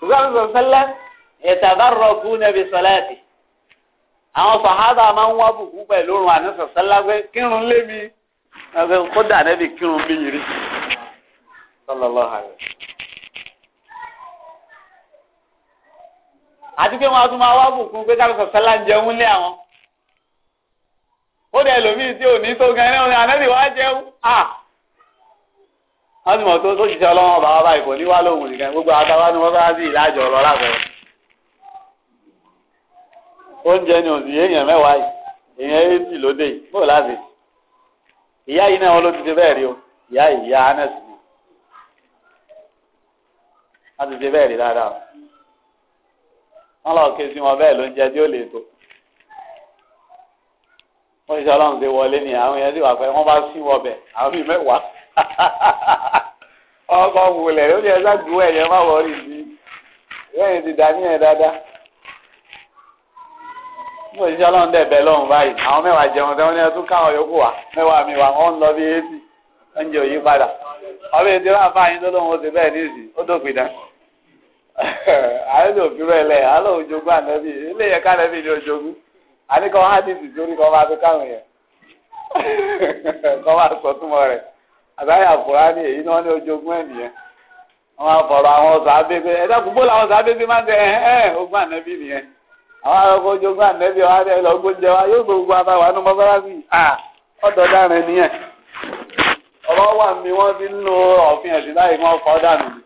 ṣùgbọ́n sọ sẹ́lẹ̀ ìtàbárọ̀ kú nẹ́bi sọláàtì àwọn sàhábà máa ń wá bùkú pẹ̀lú òrùn àníṣọ sẹ́lá pé kírun lé mi ẹgbẹ́ kódà nẹ́bi kírun bí yìí rí sọlọ́lọ́ àti pé wọn a tún máa wá bùkú pé ń jẹun lé àwọn ó dẹ̀ lómi tí ò ní wọ́n sì mọ̀ tó tó ṣiṣẹ́ ọlọ́run ọba wa báyìí kò ní wá lóhùn nìkan gbogbo àtàwọn ni wọ́n bá sí ìlàjọ ọ̀rọ̀ lápẹ̀rẹ̀ oúnjẹ ni òsì èèyàn mẹ́wàá yìí èèyàn èsì lóde yìí bó láti ìyá yìí náà wọn ló ti ṣe bẹ́ẹ̀ rí o ìyá ìyá anes ni wọn ti ṣe bẹ́ẹ̀ rí dáadáa wọn lọ ké sí wọn bẹ́ẹ̀ ló ń jẹ tí ó lè tó wọn ọlọ́run ṣe wọlé ni àwọn [LAUGHS] ọkọ̀ wulẹ̀ lórí ẹ̀sán gbowó ẹ̀yẹ má wọrí sí lẹ́yìn ti dání dáadáa. mo ṣiṣẹ́ ọlọ́run dẹ̀ bẹ́ẹ̀ lọ́hùn báyìí àwọn jẹun tẹ́wọ́n ní ẹtún káwọn yòókù wá mẹ́wàá mi wà wọ́n ń lọ bí oúnjẹ padà ọbẹ̀ ètò fáyín tó lóun ó ti [LAUGHS] òjogún ilé ni òjogún hádìsì máa káwọn máa [LAUGHS] sọ àbáyà fúlàní èyí náà ní ojogún ẹ̀ nìyẹn wọn àfọ̀rọ̀ àwọn sàábé pé ẹ̀dá gbogbo làwọn sàábé ti máa ń tẹ ẹ̀ ẹ̀ ogún ànẹ́bí nìyẹn àwọn arọ́kọ̀ ojogún ànẹ́bí wa ẹ̀ lọ́gbọ́n jẹ wa yóò gbogbo abáwa ní mọ́sálásì ọ̀dọ̀ dárin nìyẹn ọ̀rọ̀ wà mí wọ́n ti ń lo òfin ẹ̀sìn láì wọ́n kọ́ dànù ni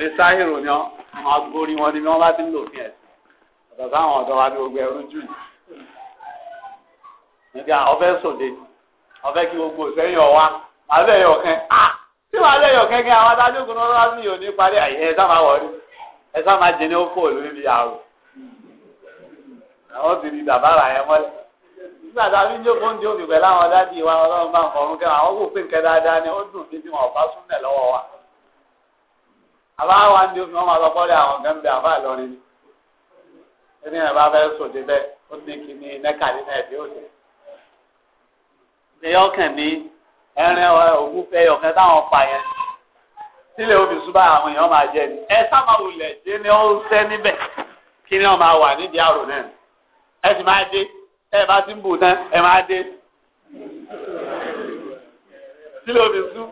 èyí sáyìnrò ni wọ́n agbórí wọn ni wọ́n bá ti ń lo òfin ẹ̀sìn ọ̀dọ̀ sáwọn ọ̀dọ́ wa ní gbogbo ẹrú jù nígbà ọ̀fẹ́ sòde ọ̀fẹ́ kí gbogbo sẹ́yìn ọ̀wá màálù ẹ̀yọ̀ kan a tí màálù ẹ̀yọ̀ kan kí àwọn adájọ́ kùnú ọlọ́wà mi ò ní parí ẹ̀yìn máa wọlé ẹ̀sà máa jẹ ní ókó lórí àrò àwọn dàbára yẹn nígbà tá a fi ń dájú ìwà bá ń fọrún àwọn kò pé dáadáa ni ó dùn sí bí wọn ò bá súnlẹ̀ ọzọ wa àbá ń di òbí wọn máa lọ bọ́lẹ̀ àwọn kan bẹ àbá ẹrin ògùn fẹ́ ọ̀kẹ́ táwọn pa yẹn sílẹ̀ òbí súbà àwọn èèyàn máa jẹ ni ẹ sábà wulẹ̀ dé ni ó ń sẹ́ níbẹ̀ kí ni wọ́n máa wà nídìí àrò náà ẹ sì máa dé ẹ bá ti ń bù tán ẹ máa dé sílẹ̀ òbí sú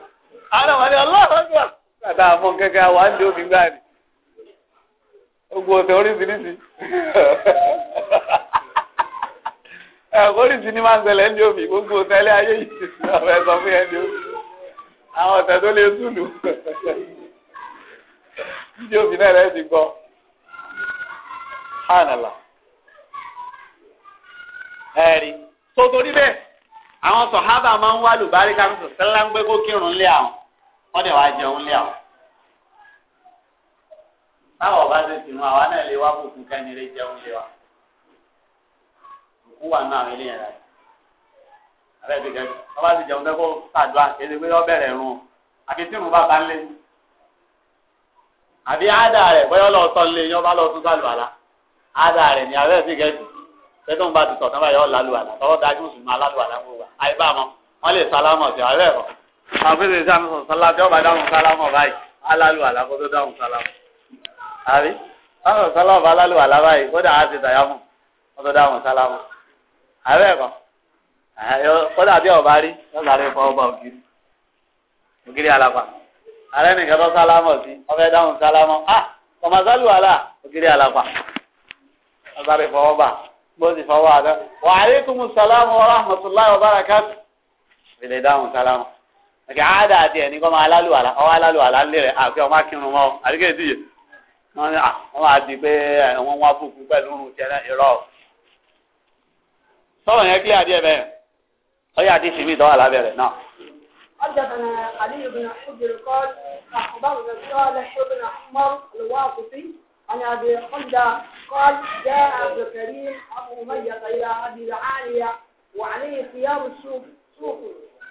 àwọn ọmọdé ọlọ́ọ̀lọ́gbà kàtà àfọ̀n kẹ́kẹ́ wà á ń dé òbí gbà ni gbogbo ọ̀sẹ̀ oríṣiríṣi. [LAUGHS] ẹ̀kọ́rì tí ní máa ń ṣẹlẹ̀ ní omi gbogbo tẹ́lẹ̀ ayé yìí ọ̀rọ̀ ẹ̀sọ́ fún yẹn ni ó àwọn ọ̀tẹ̀ tó lè túlù ní omi náà rẹ̀ gbọ́ hànàlà ẹ̀rí tó torí bẹ́ẹ̀ àwọn sọ̀hábà máa ń wá lùbáríkà ní sọ̀sẹ́lá ń kó kírun ńlẹ̀ àwọn wọ́n dẹ̀ wá jẹun ńlẹ̀ àwọn báwo bá ṣe tì mú àwa náà lè wá bùkún kẹ́ni lè jẹun lé wa ó wà nínú àwọn eléyàn rẹ̀ àbẹ́ ti gẹ̀ẹ́sì ọba ti jẹun tẹ́kọ̀ sàdúrà kéde pé ọbẹ̀rẹ̀ rún àti tí mo bá bá ń lé àbí ádà rẹ̀ bọ́yọ́ lọ sọ lé yọba lọ tún sàlùwàlà ádà rẹ̀ ni àbẹ́ ti gẹ̀ẹ́sì tẹ́tọ́ bá ti sọ̀tàn báyọ̀ lálùwàlà tọ́wọ́ dájú mùsùlùmí alálùwàlà fún wa àyíbámọ́ wọ́n lè sálámọ̀ sí àbẹ́ ẹ̀kọ́ àwọn fẹ́ẹ́ sẹ́yìn sọ̀tàn sálámọ̀ tí ọba dáhùn sálámọ̀ báyìí alálùwàlà kó tó dáhùn sálámọ̀ àbí báwọn sálámọ̀ alálùwàlà báyìí kó dà á ti tàyámọ̀ kó tó dáhùn sálámọ̀. ààrẹ ẹ̀kọ́ kódà bí ọba rí lọ́sàárẹ̀ fọwọ́ ògiri ògiri àlàpà ààrẹ nìkan tó sálámọ̀ sí ọbẹ̀ dáhùn sálámọ̀ ah kọ̀mọ̀sálù wàhálà ògiri àlàpà lọ́sàárẹ̀ fọwọ́ bá bó ti fọwọ́ wà aleykum salaam wa rahmatulahi wa barakatu ìlẹ̀ dáhùn sálámọ̀ ẹ̀kẹ́ àádá àti ẹ̀ máa ọwọ́ alálù ń rẹ̀ ọmọ sọ̀rọ̀ yẹn kílẹ̀ adìẹ bẹ́ẹ̀ ọyọ àti sìmí dọ́wà lábẹ́rẹ̀ náà. حدثنا علي بن حجر قال أخبرنا صالح بن أحمر الواقفي عن أبي خلدة قال جاء عبد الكريم أبو أمية إلى أبي العالية وعليه ثياب السوق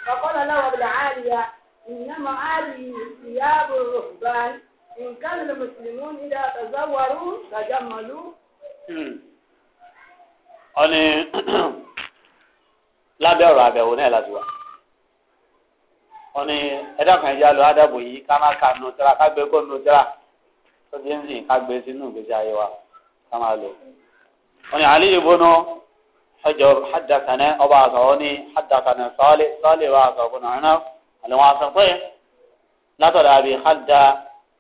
فقال له أبو العالية إنما هذه ثياب الرهبان إن كان المسلمون إذا تزوروا تجملوا. أنا lábẹ́ ọ̀rọ̀ àbẹ̀wò náà láti wà. wọ́n ní ẹ̀dá kan ìjà lọ ádàbò yìí ká má ka nù tẹ́ra ká gbé kó nù tẹ́ra tó ti ń sìn ká gbé sínú ìgbésí ayé wa ká má lò. wọ́n ní Aliyu bónú ọjọ́ hadakanẹ ọba àtọ̀wọ́ ní hadakanẹ sọ́ọ́lẹ̀ sọ́ọ́lẹ̀ wa àtọ̀wọ́ náà náà àlẹ́ wọn aṣọ pé látọ̀dọ̀ àbí hadda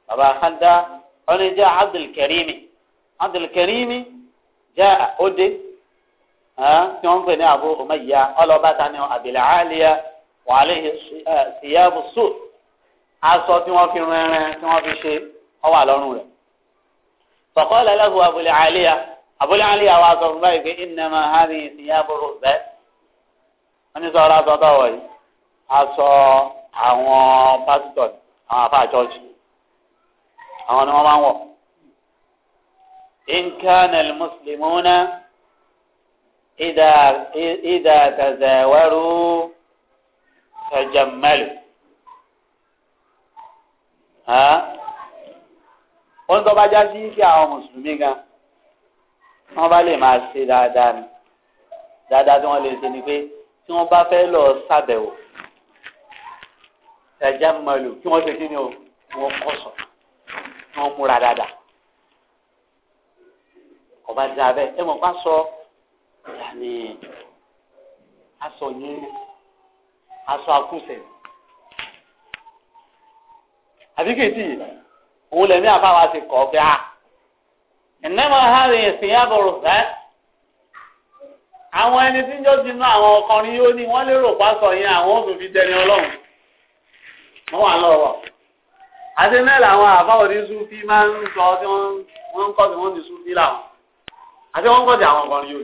bàbá hadda wọ́n ní jẹ́ Abdul Karimi jẹ́ òde. tí wọ́n ń pè ní Abu Umayya ọlọ́ba ta Aliya wa siyabu sud aṣọ tí fi rún tí fi ṣe ọwọ́ àlọ́run rẹ̀. faqala lahu Abul Aliya Abul Aliya wa sọ fún báyìí pé innama hadhihi siyabu ruhbah wọ́n ní sọ̀rọ̀ aṣọ yìí aṣọ àwọn pásítọ̀ àwọn àwọn ni wọ́n máa إذا إذا تزاوروا تجملوا ها wọ́n tó bá já sí kí àwọn mùsùlùmí gan wọ́n bá lè máa ṣe dáadáa ni dáadáa tí wọ́n lè ṣe ni pé tí wọ́n bá fẹ́ lọ ṣàbẹ̀wò ẹ̀jẹ̀ mọ̀lù kí wọ́n ṣe kí ni wọ́n kọ̀sọ̀ wọ́n múra dáadáa ọba jẹ́ abẹ́ ẹ̀ sọ yanni aṣọ yín aṣọ akúnṣe àbíkètì òun lẹ̀mí àbáwá ti kọ̀ bí a ìnáwó hàrí ẹ̀sìn yàbọ̀rọ̀ fẹ́ àwọn ẹni tí ń jọ́ ti ná àwọn ọkùnrin yóò ní wọ́n lérò pásọ yẹn àwọn òbí fi dẹni ọlọ́run wọ́n wà lọ́wọ́ àti mẹ́rin àwọn àbáwọ̀ ní Sufi máa ń sọ tí wọ́n ń kọ́ tí wọ́n ti Sufi láwọn àti wọ́n ń kọ́ tí àwọn ọkùnrin yóò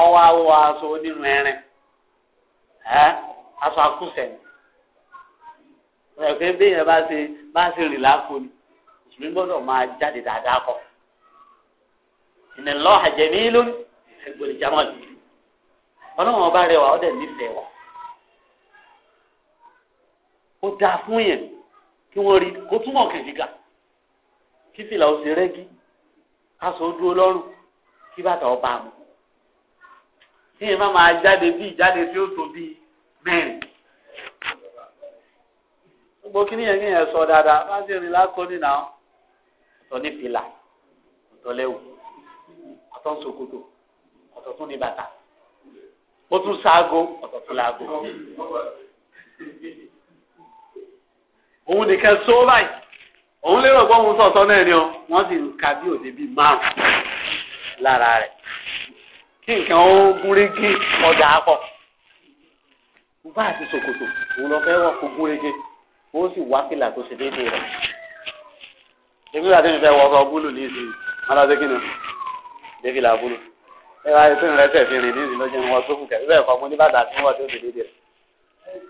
ọwọ́ awọ aṣọ onírun ẹrin aṣọ akúṣẹ̀ ẹ̀fẹ́ bẹ́yẹn bá ṣe bá ṣe rìn láàpọ̀ ni mùsùlùmí gbọ́dọ̀ máa jáde dáadáa kọ́ ìnìlọ́ àjẹmí lónìí ẹgbẹ̀rún jamal ọlọ́run ọba rẹwà ọ̀dẹ̀ nífẹ̀ẹ́ wa ó dáa fún yẹn kí wọ́n rí kó túmọ̀ kìjìgà kí fìlà ó ṣe rẹ́gí aṣọ ó dúró lọ́rùn kí bàtà ọba mu kí n má máa jáde bí ìjáde tí ó tó bí mẹ́rin. gbogbo kí nìyẹn kí yẹn sọ dáadáa bá ń ṣe rìn lákòó nínà ọ̀tọ̀ ní fìlà ọ̀tọ̀ lẹ́wù ọ̀tọ̀ ń ṣòkòtò ọ̀tọ̀ tún ní bàtà ó tún ṣáago ọ̀tọ̀ láago. òun nìkan só báyìí òun lérò pé òun sọ̀tọ̀ náà ni ọ wọ́n sì ń ka bí òde bíi márùn-ún lára rẹ̀ kí nǹkan ó gúnrégé ọjà akọ bùbá àti ṣòkòtò òun lọ fẹ́ wọ̀ kó gúnrégé ó sì wá fìlà tó ṣe déédéé rẹ̀ èmi àti mi fẹ́ wọ ọkọ̀ búlù ní ìsìn aláṣẹ kí ni dèfìlà búlù ẹ wá ètò ìrẹsẹ̀ fi rìn ní ìsìn lọ́jọ́ ìwọ̀n tó kù kẹ̀ bẹ́ẹ̀ kọ́ mo ní bàtà tí wọ́n ti ó ṣe déédéé rẹ̀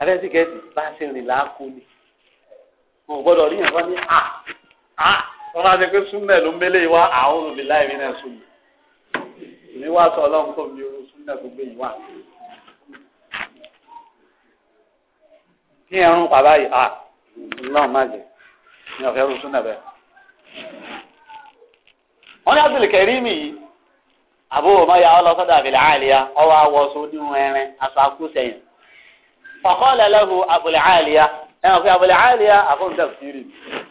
abẹ́sí kẹ́sì bá ṣe rìn láàkó ni mo gbọ́dọ̀ rí yẹn fọ́ ní à ah, à ah. wọ́n máa ṣe pé súnmẹ̀ ló ń mélé wa àwọn olùbíláì mi náà súnmẹ̀ èmi wá sọ ọlọ́run kò mi irú súnà gbogbo yìí wà. kí ẹrún bàbá yìí à ọlọ́run má jẹ ní ọ̀fẹ́ irú súnà bẹ́ẹ̀. wọ́n ní Abdul Karim yìí àbúrò mọ́ ya ọlọ́sọ́dọ̀ àbílẹ̀ àìlíya ọwọ́ awọ́sọ onírun ẹrin aṣọ akúṣẹ̀yìn. ọ̀kọ́ lẹ́lẹ́hu àbúlẹ̀ àìlíya ẹ̀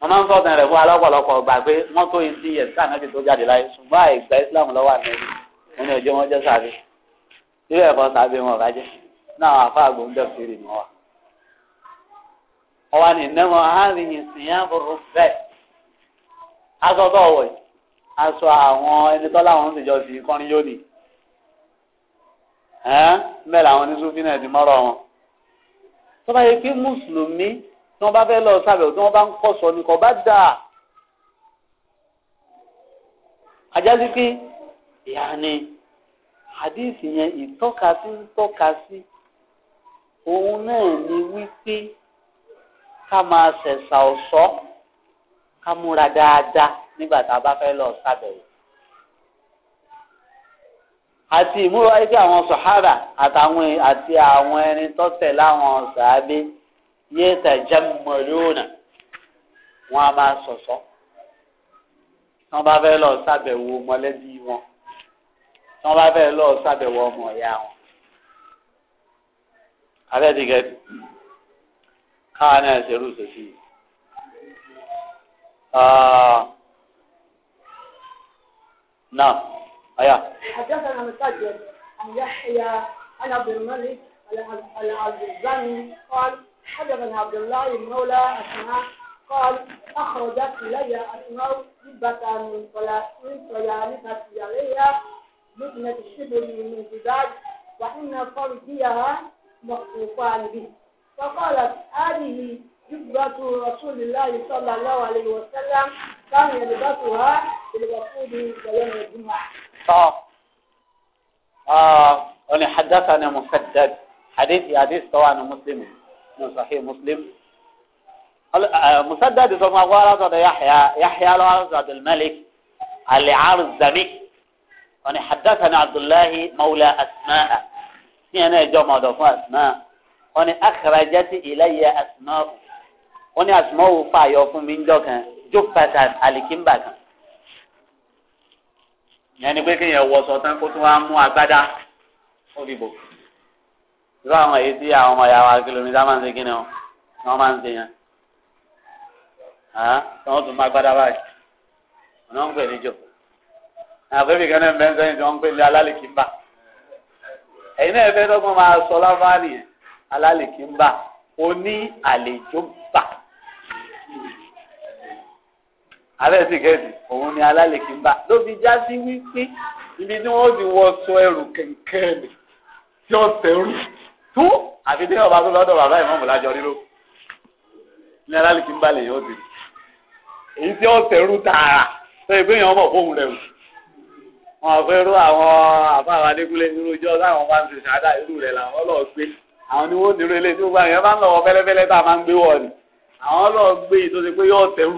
wọn máa ń sọ ọ̀tàn rẹ̀ fún alọ́pọ̀lọpọ̀ gbà pé wọ́n tó yìí sí ẹ̀sìn ànábì tó jáde láyé ṣùgbọ́n àìgbà islam lọ́wọ́ ànábì wọn ni òjò wọn jẹ́ sàbí irú ẹ̀kọ́ sàbí wọn ọ̀gá jẹ́ náà àfa àgbòǹ jọ fèrè mọ́ wa. ọwọ́ ni nẹ́mọ̀ àárín ìsìnyá burú bẹ́ẹ̀ aṣọ tó wọ̀ yìí aṣọ àwọn ẹni tọ́lá àwọn ti jọ fi kọrin yóni mẹ́ẹ̀lá àwọn oníṣúfin náà tí wọ́n bá fẹ́ lọ sábẹ̀ tí wọ́n bá ń kọ́ sọ ni kò bá dà àjásí pé ìyáni àdíìsì yẹn ìtọ́ka sí ń sí òun náà ni wípé ká máa ṣẹ̀ṣà ọ̀ṣọ́ ká múra dáadáa nígbà tá a bá fẹ́ lọ sábẹ̀wò àti ìmúra wáyé pé àwọn sọ̀hárà àtàwọn àti àwọn ẹni tó tẹ̀lé àwọn sàábé yẹtajammaluna wọn a máa ṣọ̀ṣọ́ tí wọ́n bá fẹ́ lọ ṣàbẹ̀wò mọ̀lẹ́bí wọn tí wọ́n bá fẹ́ lọ ṣàbẹ̀wò ọmọ ìyá wọn. abẹ́ ti gẹ̀ káà náà ṣe rú sòsì yìí. نعم أيا حدثنا مسجد عن يحيى عن عبد الملك العبد الزاني قال حجب بن عبد الله المولى أسماء قال أخرجت لي أسماء جبة من طيالفتي عليها مدنة الشبر من زجاج وإن فرجيها مخطوفان به فقالت هذه جبة رسول الله صلى الله عليه وسلم كان يلبسها في الوقود ويوم الجمعة. طيب. آه. آه. حدثنا مسدد حديث حديث طبعا مسلم ní sahih muslim uh, uh, musadadi sọ fún akọ alásọdọ yaxya yaxya lọ sọ abdulmalik al-arzami wani hadathani abdullahi mawla asmaa tiɲɛ náà jọ mọdọ fún asmaa wani akhrajati ilayya asmaa wani asmaa wò fà yọ fún mi njọ kan jufatan alikimba kan yẹn ni pé kéèyàn wọṣọ tán kó tún wá mú agbádá ó fi bò irú àwọn èyí tí àwọn ọmọ ya wa kìlómítà máa ń ṣe kíni o wọ́n máa ń ṣe yẹn tí wọ́n tún máa gbádá báyìí wọ́n ń pè ní jò àbẹ́bí kan náà bẹ́ẹ̀ sẹ́yìn tí wọ́n ń pè ní alálìkímbà ẹ̀yin náà fẹ́ tọ́gbọ́n máa sọ láfáàní yẹn alálìkímbà oní àlejò bà abẹ́ sì kẹ́sì òun ni alálìkímbà ló fi já sí wípé ibi tí wọ́n ti wọ sọ ẹrù kẹ̀kẹ́ rẹ̀ tí ọ̀sẹ̀ rù tú àfi tí ọba tó lọ́dọ̀ bàbá ìmọ̀ mọ̀lájọ ríro ní alálìkí ń balẹ̀ yóò dìrì èyí tí ó tẹ̀rù tààrà tó ìgbé yẹn ọmọ fóun rẹ̀ wù wọn àfẹ́ rú àwọn àfáàrà adékúnlé irú ìjọ táwọn bá ń ṣe ṣáadá irú rẹ̀ làwọn lọ́ọ́ gbé àwọn ni wọ́n nírú ilé tí ó gbà yẹn bá ń lọ́wọ́ fẹ́lẹ́fẹ́lẹ́ tá a máa ń gbé wọ̀ ni àwọn lọ́ọ́ gbé yìí tó ṣe pé yóò tẹ̀rù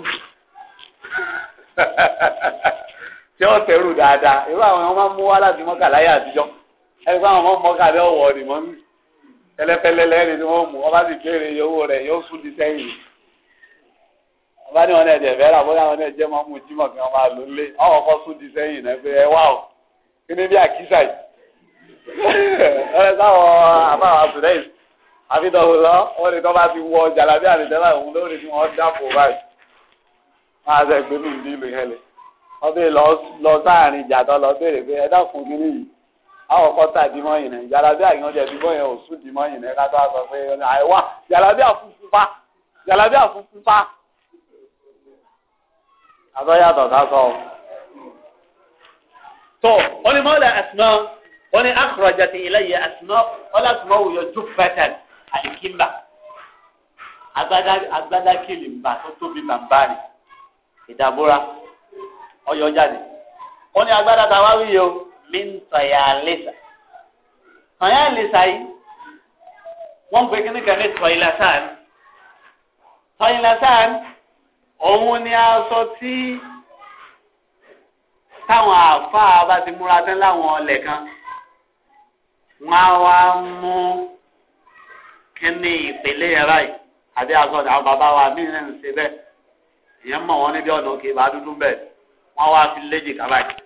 tí ó tẹ̀rù dáadáa irú àwọn ọmọ máa ń mú wá láti mọ́kà láyé àtijọ́ ẹni tẹlẹfẹlẹ lẹ́rìn ni wọ́n mú ọba sì béèrè iye owó rẹ̀ yóò sùn di sẹ́yìn ọba ní wọn náà jẹ fẹ́ràn bóyá wọn náà jẹ́ máa mú jimọ̀ kí wọ́n máa lò lé ọ̀hún kọ́ sùn di sẹ́yìn náà pé ẹ wá o kí ni bí àkísà yìí [LAUGHS] ẹ sáwọn àbáwọn àtúndẹ́yìn àfidọ̀wò lọ wọ́n lè tọ́ bá ti wọ ọjà lábẹ́ àrídẹ́lá òun lórí ni wọ́n dáàbò báyìí máa ṣe gbẹ́lú ìdílé hẹlẹ̀ wọ́n bèèrè lọ sáàrin ìjà tó lọ béèrè pé ẹ dákun kí nìyí àwọn kọ́ tà dìmọ́ yìí nẹ jalabi àyànjẹ dìmọ́ yẹn òsù dìmọ́ yìí nẹ kátó àgbà pé àìwá jalabi àfúnfúnfá jalabi àfúnfúnfá àtọ́yàtọ̀ sásọ. tó wọ́n ní mọ́lẹ̀ àtúmọ̀ wọ́n ní akọ̀rọ̀jà ti ilẹ̀ yẹ àtúmọ̀ wọ́n lè àtúmọ̀ wò yọjú fẹ́tẹ̀n àdìkínbà agbada kìlì mbà tó tóbi màmbá ni ìdàbúra ọyọ jáde wọ́n ní agbada tàwa wíyẹ o mi ń tọ̀yà lẹ́sà tọ̀yà lẹ́sà yìí wọ́n gbé kíní kan ní tọ̀yìlà sáàn tọ̀yìlà sáàn òun ni aṣọ tí táwọn àáfàá bá ti múra tán láwọn ọlẹ̀ kan wọ́n á wá mú kíní ìpele yẹn báyìí àbí aṣọ àwọn bàbá wa mí náà ń ṣe bẹ́ẹ̀ ìyẹn mọ̀ wọ́n níbi ọ̀nà òkè bá dúdú bẹ́ẹ̀ wọ́n wá fi léjì kábàkì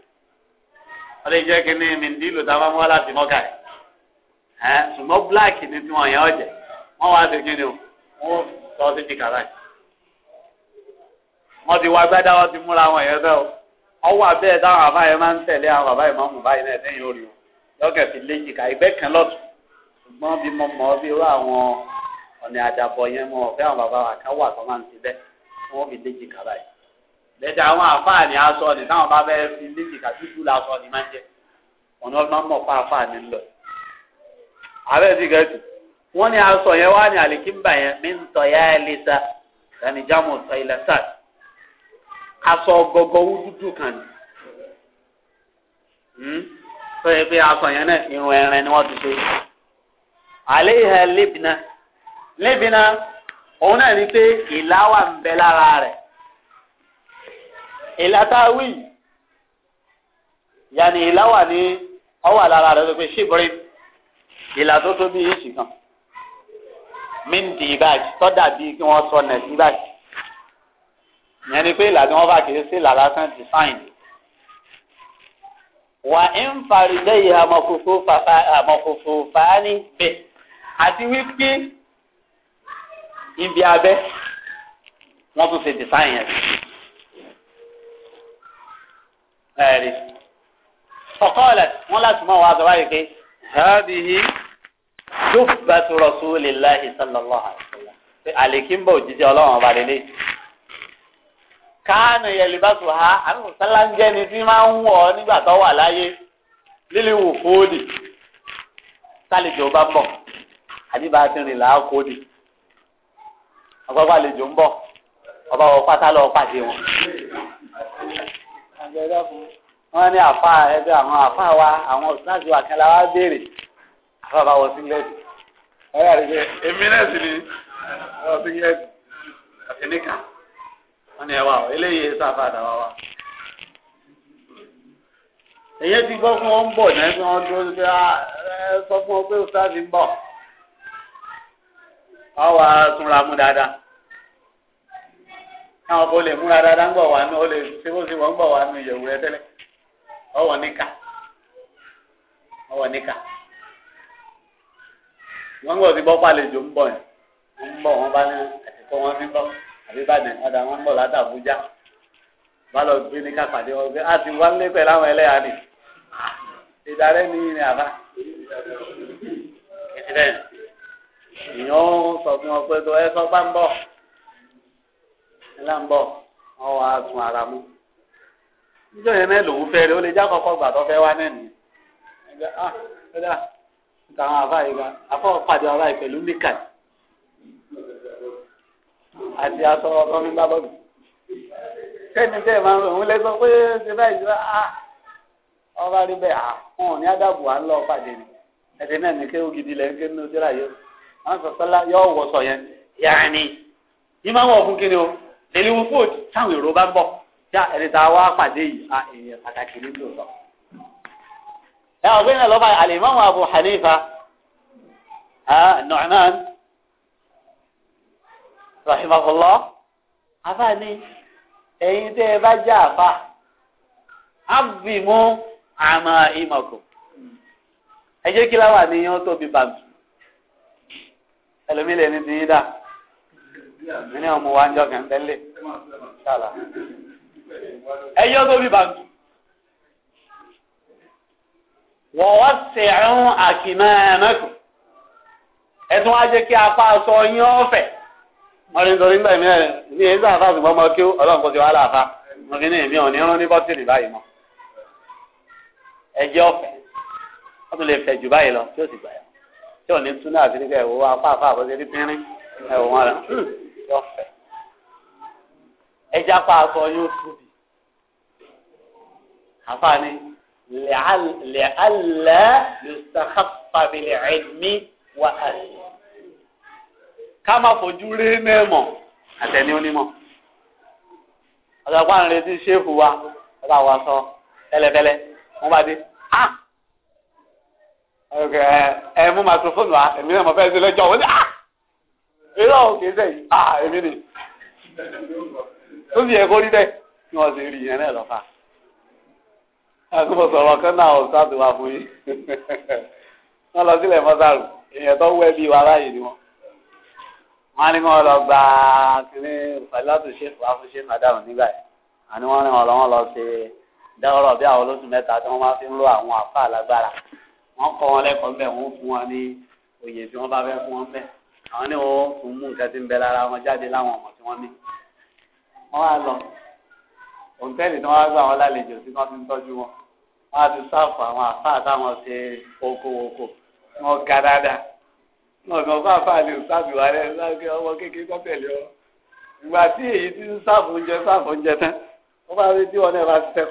wọ́n lè jẹ́ kí ní mìndílù tá a máa mú wá láti mọ́kà yìí ẹ̀ ṣùgbọ́n bíláàkì ni tiwọn yẹn ọ̀jẹ̀ wọ́n wá sí kí ni o wọ́n sọ sí ti kàrá yìí wọ́n ti wá gbádá wọ́n ti múra wọn yẹn fẹ́ o ọwọ́ abẹ́ẹ̀ táwọn bàbá yẹn máa ń tẹ̀lé àwọn bàbá yẹn máa ń mú báyìí náà lẹ́yìn orí o lọ́kẹ̀ fi lé jìkà ìgbẹ́ kan lọ́tù ṣùgbọ́n bí mo mọ̀ bí irú àwọn ọ̀nà àdàbọ̀ yẹn mo fẹ́ lẹ́dẹ̀ àwọn àfáàní aṣọ ni táwọn bá bẹ́ẹ̀ fi líkì kàtúkù lásọ ni máa ń jẹ ọ̀nà ọ̀nà mọ̀ fún àfáàní lọ. ààrẹ ti gẹ̀ẹ́sì wọ́n ní aṣọ yẹn wá ní àlìkínbà yẹn mí ń tọ́ ya ẹ́ lẹ́sà ẹni jámọ̀ sọ ilẹ̀ sàt aṣọ gbogbo owó dúdú kan ni tó hmm? yẹ pé aṣọ yẹn náà irun ẹran ni wọ́n ti ṣe. àlẹ́ ìhẹ́ lébìnà lébìnà òun náà ní pé ìlà wà ń bẹ lára rẹ̀ ìlàtàwí yàní ìlàwà ní ọwà lára rẹ̀ ló pe ṣíbírí ìlà tó tó bí yéèṣì kan míǹdì báyìí tọ́dà bíi kí wọ́n sọ nẹ̀sí báyìí ìyẹn ni pé ìlà tí wọ́n bá kì í sí ìlà lásán ti sáìn wà ń faridẹ́ yìí àmọ̀kòkò fàání bẹ̀ àti wípé ibi abẹ́ wọ́n tún ṣe design yẹn ẹ̀rí fọkọ́ọ̀lẹ̀ wọn láti mọ̀ wá sọ báyìí pé hàbìhí jubbatu rasulillahi sallallahu alaihi wasallam pé àlèkí ń bọ̀ òjijì ọlọ́run ọba lélẹ̀ káànù yẹlibásù ha àmì sálánjẹ́ ni tí máa ń wọ̀ ọ́ nígbà tó wà láyé lílì wò kóòdì sálejò bá bọ̀ àbí bá a ti rìn làá kóòdì ọgbọ́gbọ́ àlejò ń bọ̀ ọba wọ pátá lọ pàdé wọn àgbẹ̀dọ̀ fún wọn ní àfa ẹgbẹ́ àwọn àfa wa àwọn òṣìṣẹ́ wa kan la wá béèrè àfa bá wọ síngilẹ́tì ọ̀rẹ́ àdìgbẹ́ èmi náà sì ni wọ́n síngilẹ́tì àfiníkà wọ́n ní ẹwà eléyìí sáfà àdáwà wa. èyí ti gbọ́ fún wọn ń bọ̀ náà bí wọ́n dúró sí ah, sọ fún wọn pé òṣìṣẹ́ ti ń bọ̀ wọ́n wá túnra mú dáadáa káwọn kò lè múra dáadáa ń bọ̀ wá nù ó lè ṣe bó ṣe wọ́n ń bọ̀ wá nù ìyẹ̀wò rẹ tẹ́lẹ̀ ọwọ́ níkà ọwọ́ níkà wọ́n ń bọ̀ sí bọ́pá àlejò ń bọ̀ yẹn ń bọ̀ wọ́n bá ní àtìkọ́ wọn ní bọ̀ àbíbàdàn ọ̀dà wọn ń bọ̀ látàbújá bá lọ gbé níkà pàdé wọn pé a ti wá lé pẹ̀lú àwọn ẹlẹ́yà ni ìdarẹ́ ní ìrìn àbá ìtìlẹ̀ ìyọ́n sọ fún ọ pé tó ẹ sọ pá ń bọ̀ ẹlẹ́nbọ̀ wọn wà á tún ara mú níjọ́ yẹn náà lòun fẹ́ rẹ ó lè já kọ́kọ́ gbà tó fẹ́ wá náà nìyẹn ẹgbẹ́ ah ẹ̀dá nǹkan àwọn àbá yìí ga afọ́ pàdé ọ̀rá yìí pẹ̀lú níkà àti aṣọ ọkọ mi bá bọ́ọ̀lù kẹ́ni tẹ́ máa ń rò òun lẹ́sọ pé ṣe báyìí ṣe báyìí ah ọba rí bẹ́ẹ̀ ah wọn ò ní ádàbò à ń lọ pàdé ni ẹ̀sìn náà ní kéwù gidi lẹ́yìn kéwù ní ojú láyé wọn sọ sọlá yọ wọ sọ yẹn yàrá ni yìí máa ń wọ̀ o lẹ́lí wọn fóòtù táwọn èrò bá ń bọ̀ já ẹni tá a wá pàdé yìí a èèyàn pàtàkì ní lóòótọ́. ẹ ọ̀gbìn náà lọ́ba alimami Abu Hanifa Nu'man rahimahullah afaani ẹ̀yin tẹ́ ẹ bá já àfa abimu àmà ìmọ̀kù ẹ jẹ́ kí láwa ni yẹn tóbi bàmù ẹlòmílẹ̀ ní ti yín dáa ní ọmọ wa ń jọ kàn tẹ́lẹ̀ ṣàlà ẹyọ tó bí bàtú. wọ́n wá sẹ̀rún àkìmẹ́ẹ̀mẹ́kù ẹ̀tún wá jẹ́ kí apá aṣọ yín ọ̀fẹ́ wọ́n rí nítorí nígbà mìíràn ní èyí sáà fáṣùgbọ́ ọmọ kí ọlọ́run kò ti wá láàfa wọn kì ní èmi ò ní rún ní bọ́tìlì báyìí mọ́ ẹjẹ́ ọ̀fẹ́ wọ́n tún lè fẹ̀ jù báyìí lọ tí ó sì gbà yà tí ò ní túnú àti nígbà ẹ̀wọ̀ apá àfa àbọ̀ṣe ní pínrín ẹ̀wọ̀ rẹ̀ lọ́fẹ̀ẹ́ ẹja pa aṣọ yóò tóbi àfààní lẹ́àlẹ́ yòsàkàfàbìlẹ̀ ẹ̀mí wà á sí ká má fojú rí mẹ́mọ̀ àtẹni onímọ̀ ọ̀dọ̀gbọ́n retí ṣéèfù wa ọba wa sọ tẹ́lẹ̀tẹ́lẹ̀ wọ́n bá dé ah ẹ mú microphone wa èmi náà mo fẹ́ ṣe lọ́jọ́ wọ́n ní ah eré àwọn kì í ah èmi ni ó sì yẹ kó rí ni wọ́n sì rí yẹn náà lọ́fà. àtúbọ̀ sọ̀rọ̀ kan náà ọ̀sán àti wà fún yín wọ́n lọ sílẹ̀ mọ́sàrù èèyàn tó wẹ́ bí wàrà yìí ni wọ́n. wọ́n á ní wọ́n lọ gba kínní pàlátù ṣèfù àfúnṣe màdàmù nígbà yìí àní wọ́n ní wọ́n lọ wọ́n lọ ṣe dáwọ́rọ̀ bí àwọn olóṣù mẹ́ta tí wọ́n máa fi ń lo àwọn àfa àlágbára wọ́n kọ́ wọn lẹ́kọ̀ọ́ bẹ́ẹ̀ wọ́n fún wọn ní oyè tí wọ́n bá fẹ́ fún wọn bẹ́ẹ̀ àwọn ní wọn oh, tún mú nǹkan tí ń bẹ lára wọn jáde láwọn ọmọ tí wọn ní wọn wá lọ òǹtẹ́ẹ̀lì tí wọ́n wá gbà wọn lálejò tí wọ́n ti ń tọ́jú wọn wọ́n á ti sáàfù àwọn àfáà táwọn ṣe okòwòkò wọn ga dáadáa wọn kàn fún àfáà lè sáàfù wa rẹ láti ọmọ kékeré kọ́ tẹ̀lé ọ ìgbà tí èyí ti ń sáàfù oúnjẹ sáàfù oúnjẹ tán wọ́n bá rí tí wọn náà bá ti fẹ́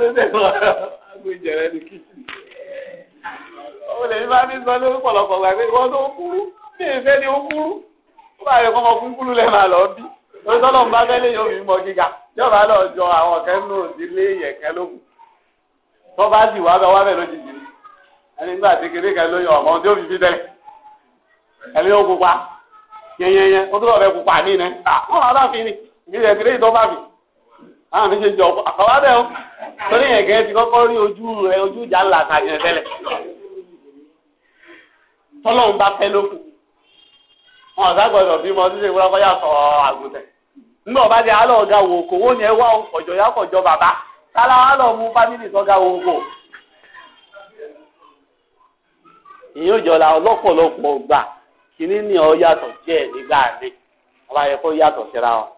ló tẹ̀sán agbèjẹrẹ ní kìtì. olè ní bá ní sọ ní pọ̀lọpọ̀ gbà pé wọ́n tó kúrú ní ìfẹ́ ni ó kúrú ó bá yẹ kó ọmọ kúkúrú lẹ́ máa lọ bí lọ́sọ́lọ́ ń bá fẹ́lẹ́ yóò mímọ gíga yọ̀bá lọ jọ àwọn kẹ́nu òdílé yẹ̀kẹ́ lókun tó bá sì wá bẹ wá bẹ lójijì ni ẹni nígbà tí kékeré kan lóyún ọmọ tí ó fi fi tẹ́lẹ̀ ẹni ó pupa yẹnyẹnyẹ ó tó lọ bẹ pupa ní nẹ àwọn aláfin ni ìgbésẹ̀ kéré ìtọ́ bá fi. àwọn méjèèjì ọkọ àkọwá o torí yẹn gẹ́gẹ́ ti rí ojú rẹ ojú ìjà ńlá kàjẹ bá wọn bí mo ti ṣe sọ nígbà di wo kò wá bàbá tálá mú fámìlì wo kò. ìyẹn ò jọra gbà ni ọ yàtọ̀ díẹ̀ nígbà ọba yẹ kó yàtọ̀ síra ọ.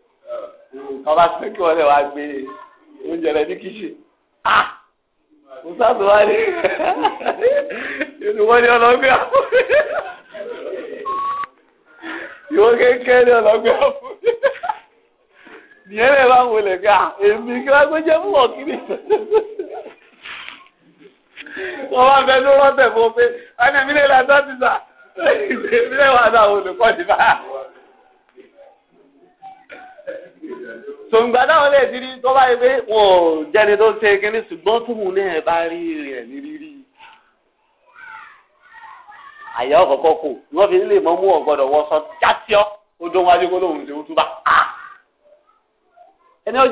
ọba pé kí wọ́n lè wá gbé oúnjẹ rẹ ní kíṣì ah musa tó wá ní inú wọn ni ọlọgbẹ àpò ìwọ kékeré ni ọlọgbẹ àpò nìyẹn lè bá wọlé ká èmi kí wọn gbẹjẹ fún ọkìnrin wọn bá fẹ ló rọtẹ fún pé wọn ní èmi lè la dọ́tí sá èmi lè wà sáwọn olùkọ́ ti bá. tòǹgbà táwọn lè tó bá yẹ pé wọn ò jẹni tó ṣe kínní ṣùgbọ́n tóun náà bá rí rẹ̀ ní rírí àyà ọ̀kọ̀ọ̀kọ̀ kò wọ́n fi lè mú ọ̀gbọ́dọ̀ wọ́n sọ ṣe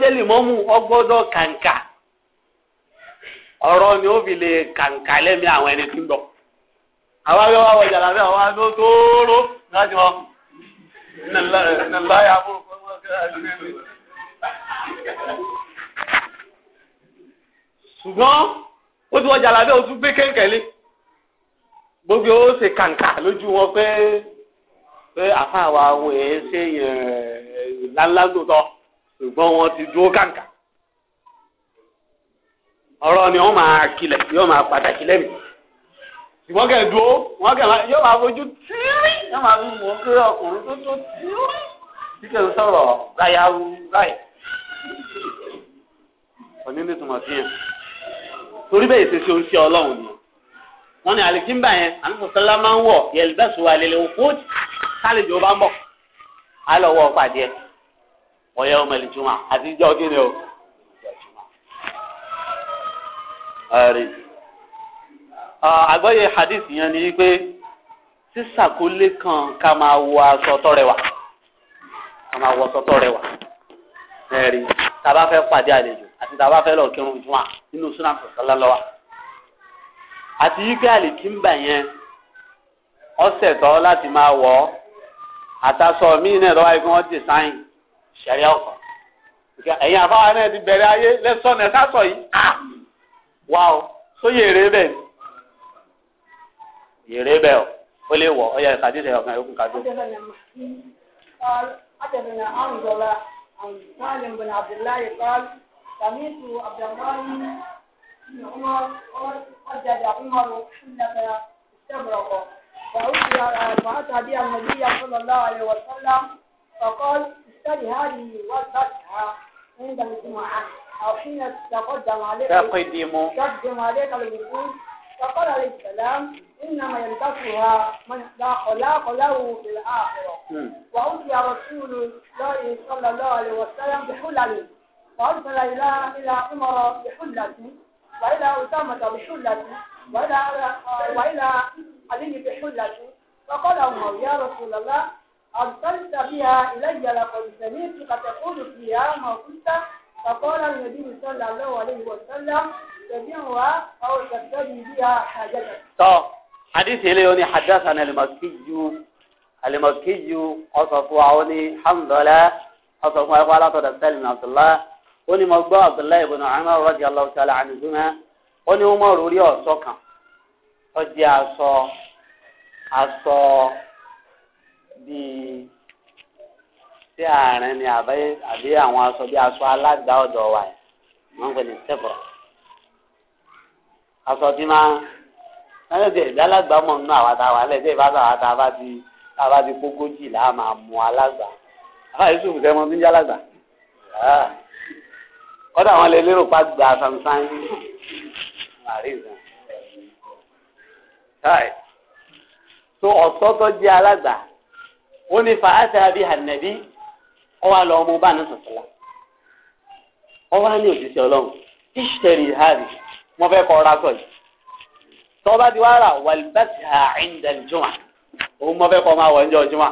ẹni lè mọ́ mú ọgbọ́dọ̀ kàǹkà ọ̀rọ̀ ni ó fi lè kàǹkà lẹ́mí àwọn ẹni tí ń bọ̀ ṣùgbọ́n ó ti wọ́n jàlábẹ́ o tún gbé kẹ́ńkẹ́lé gbogbo ó ṣe kàǹkà lójú wọn pé pé àfa wa àwọn èèyàn ṣe ńláńlá tòótọ́ ṣùgbọ́n wọn ti dúró kàǹkà ọ̀rọ̀ ni wọ́n máa kilẹ̀ yóò máa pàtàkì lẹ́mí ṣùgbọ́n kẹ́ dúró wọ́n kẹ́ yóò máa fojú tíírí yóò máa mú wọn kéré ọkùnrin tó tó tíírí bí kẹ́ ń sọ̀rọ̀ láyà láyà òní ní tùmọ̀ sí yẹn torí bẹ́ẹ̀ ṣe ṣe oúnjẹ ọlọ́run ni wọ́n ní àlìkínbà yẹn àmísọ̀sọ́lá máa ń wọ̀ yẹlbẹ́sù àlẹ́lẹ́ òkúùtì kálíjì ó bá ń bọ̀ alọ́wọ́ pàdé ọ̀yẹ́ ọmọ ìlìjùmọ̀ àti ìjọ kí ni o àgbọ́yé hadith yẹn ni pé sísàkólé kan ká máa wọ aṣọ tọrẹwà ká máa wọ aṣọ tọrẹwà ẹ̀rí tàbá fẹ́ pàdé àlejò àti tàbá fẹ́ lọ kírun jùmọ̀ nínú sunan sọ̀sọ́lá lọ́wọ́ àti yíké àlìkínbà yẹn ọ̀sẹ̀ tọ́ láti máa wọ̀ ọ́ àtàsọ míì náà lọ́wọ́ ẹgbẹ́ wọn dì sáyìn ṣẹ̀rí ọkọ̀ ẹ̀yin àfáwà náà ti bẹ̀rẹ̀ ayé lẹ́sọ̀nà sásọ yìí ah! wà ó sóyè èrè bẹ́ẹ̀ èrè bẹ́ẹ̀ ó lè wọ̀ ọ́ yẹ kàdí ìṣẹ̀lẹ̀ ọ̀kan ẹ̀kún kàdó. عن سالم بن عبد الله قال سمعت عبد الله بن عمر قال حجج عمر حنة استبرق فأتى بها النبي صلى الله عليه وسلم فقال اشتري هذه واذبحها عند الجمعة أو حين تقدم عليك تقدم عليك الوقود فقال عليه السلام إنما يلبسها من لا خلاق له في الآخرة وأتي رسول الله صلى الله عليه وسلم بحلل فأرسل إلى إلى عمر بحلة وإلى أسامة بحلة وإلى وإلى علي بحلة فقال عمر يا رسول الله أرسلت بها إلي لقد سمعتك تقول فيها ما كنت فقال النبي صلى الله عليه وسلم tọ́ hadith ilé oní hadasan alimakiyu alimakiyu ọsọ fún wa oní hamdala ọsọ fún wa ẹkọ alátọ̀dà sẹ́lìn abdullah oní mo gbọ́ abdullah ibn umar radiyallahu ta'ala anhuma oní umar orí ọ̀sọ́ kan ó di aṣọ aṣọ bíi sí àárín ni àbí àwọn aṣọ bíi aṣọ alága ọ̀dọ̀ wa yìí wọ́n ń pè ní sẹ́fọ̀rọ̀ aṣọ tí máa ẹni tẹ ìdá alágbà mọ̀ nínú àwa a wà lẹ́sẹ̀ ìbá tá a tá a bá ti a bá ti kógójì là á máa mú alágbà àbá yusuf sẹ́mọ tó ń jẹ́ alágbà ah. kọ́dà wọn lè lérò pa gba sansan àríwá káì tó ọ̀sọ́tọ̀ jẹ́ alágbà ó ní fa àtàbí ànàbí ọwọ́ àlọ́ ọmọ bá ní sọ̀tọ̀lá ọwọ́ á ní òjíṣẹ́ ọlọ́run ìṣẹ̀rì hàbí wọ́n fẹ́ kọ́ ọ́ra sọ yìí tọ́ba ti wá rà wàlúbàtì àìndà jùmọ̀ òun mọ́ fẹ́ kọ́ máa wọ̀ ọ́njọ́ jùmọ̀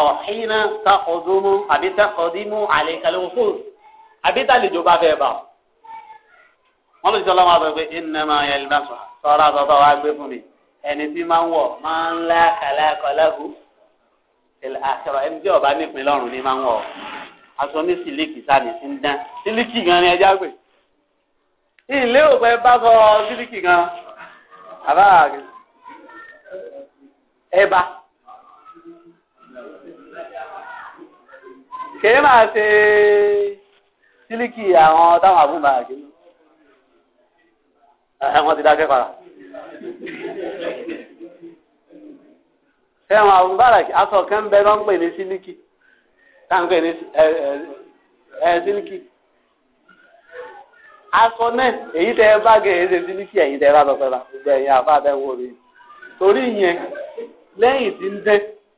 ọ̀ hínà takọ̀dúnmú àbí takọ̀dínmú àlẹ́kàlẹ́wò fún àbí tàlejò bá fẹ́ bá wọn lè sọlá máa sọ pé ìnàmà yẹlẹmẹsọ sọra sọsọ wa gbé fún mi ẹni tí máa ń wọ máa ń lá kàlákọlágù àṣọrọ ẹni tí ọba nípìn lọrùn ni máa ń wọ aṣọ ní sílíkì sáà ní sí ń dán sílíkì gan ni ẹjá gbé. ilé òpẹ bá kọ sílíkì gan àbá ẹba kèé máa ṣe sílíkì àwọn táwọn àbúmọ àgbélé ẹwọn ti dákẹ́ para ẹwọn àbúbára aṣọ pè ní sílíkì táwọn pè ní ẹ sílíkì. aṣọ náà èyí tẹ ẹ bá gẹ èyí ṣe sílíkì ẹ̀yìn tẹ ẹ bá sọ pé gbogbo ẹ̀yìn àfa tẹ wò rí torí yẹn lẹ́yìn tí ń dẹ́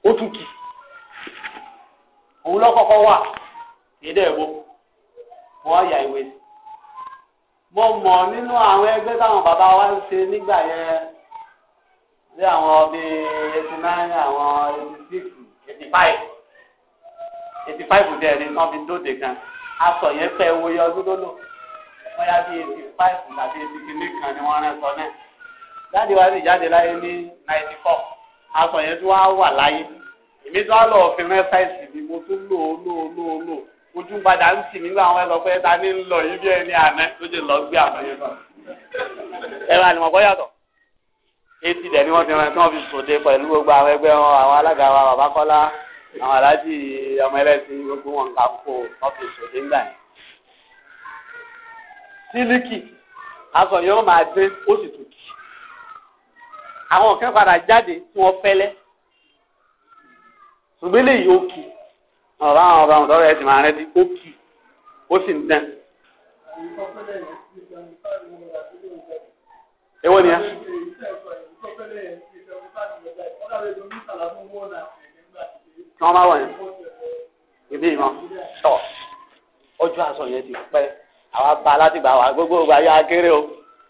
ó tún kì òun lọ́kọ́kọ́ wà èyí tẹ ẹ bó wọ́n yà ìwé sí mo mọ̀ nínú àwọn ẹgbẹ́ táwọn bàbá wa ń ṣe nígbà yẹn bí àwọn bíi eighty nine àwọn eighty six eighty five eighty five dẹ̀ ni wọ́n fi dóde kan aṣọ yẹn fẹ́ wo yọ ọdún tó lò bóyá bíi eighty five tàbí eighty kìíní kan ni wọ́n rán sọ náà jáde wá sí jáde láyé ní ninety four aṣọ yẹn tó wá wà láyé èmi tó wá lọ òfin rẹ sáìsì ni mo tún lò ó lò ó lò ó lò ojú padà ń tì nígbà àwọn ẹlọ pé ta ni ń lọ yìí bí ẹni àná tó ṣe lọ gbé àwọn yẹn lọ ẹ máa ní mọ̀ bọ́ yàtọ̀ eighty dẹ̀ ni wọ́n ti rán tí wọ́n fi sòde pẹ̀lú gbogbo àwọn ẹgbẹ́ wọn àwọn alága wa bàbá àwọn aláàjì ọmọ ẹlẹ́sìn gbogbo wọn kà kó ọ́fíìsì òde ńgbà yẹn sílíkì aṣọ yẹn wọ́n máa dé ó sì tún kì àwọn kan padà jáde tí wọ́n fẹ́lẹ́ ṣùgbọ́n eléyìí ó kì ọ̀rọ̀ àwọn ọba àwọn ọ̀dọ́rọ̀ ẹ̀ ti máa rẹ́ di ó kì ó sì ń dán. èwo ni ya. kí wọ́n máa wọ̀ yẹn ìdí ìmọ̀ tọ̀ ọjọ́ aṣọ yẹn ti pẹ́ àwa bá alátìgbà wa gbogbo ìgbà yá kéré o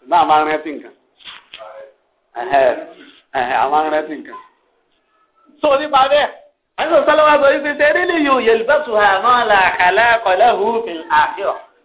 ìgbà máa ń rántí nǹkan àwọn arántí nǹkan. so nípa bẹ́ẹ̀ ẹ̀sùn sọ́lọ́wọ́ sọ yìí ti ṣe rí lè yóò yẹlùbẹ́sù àmọ́ làkàlà kọ̀lẹ́hùn fi àfihàn.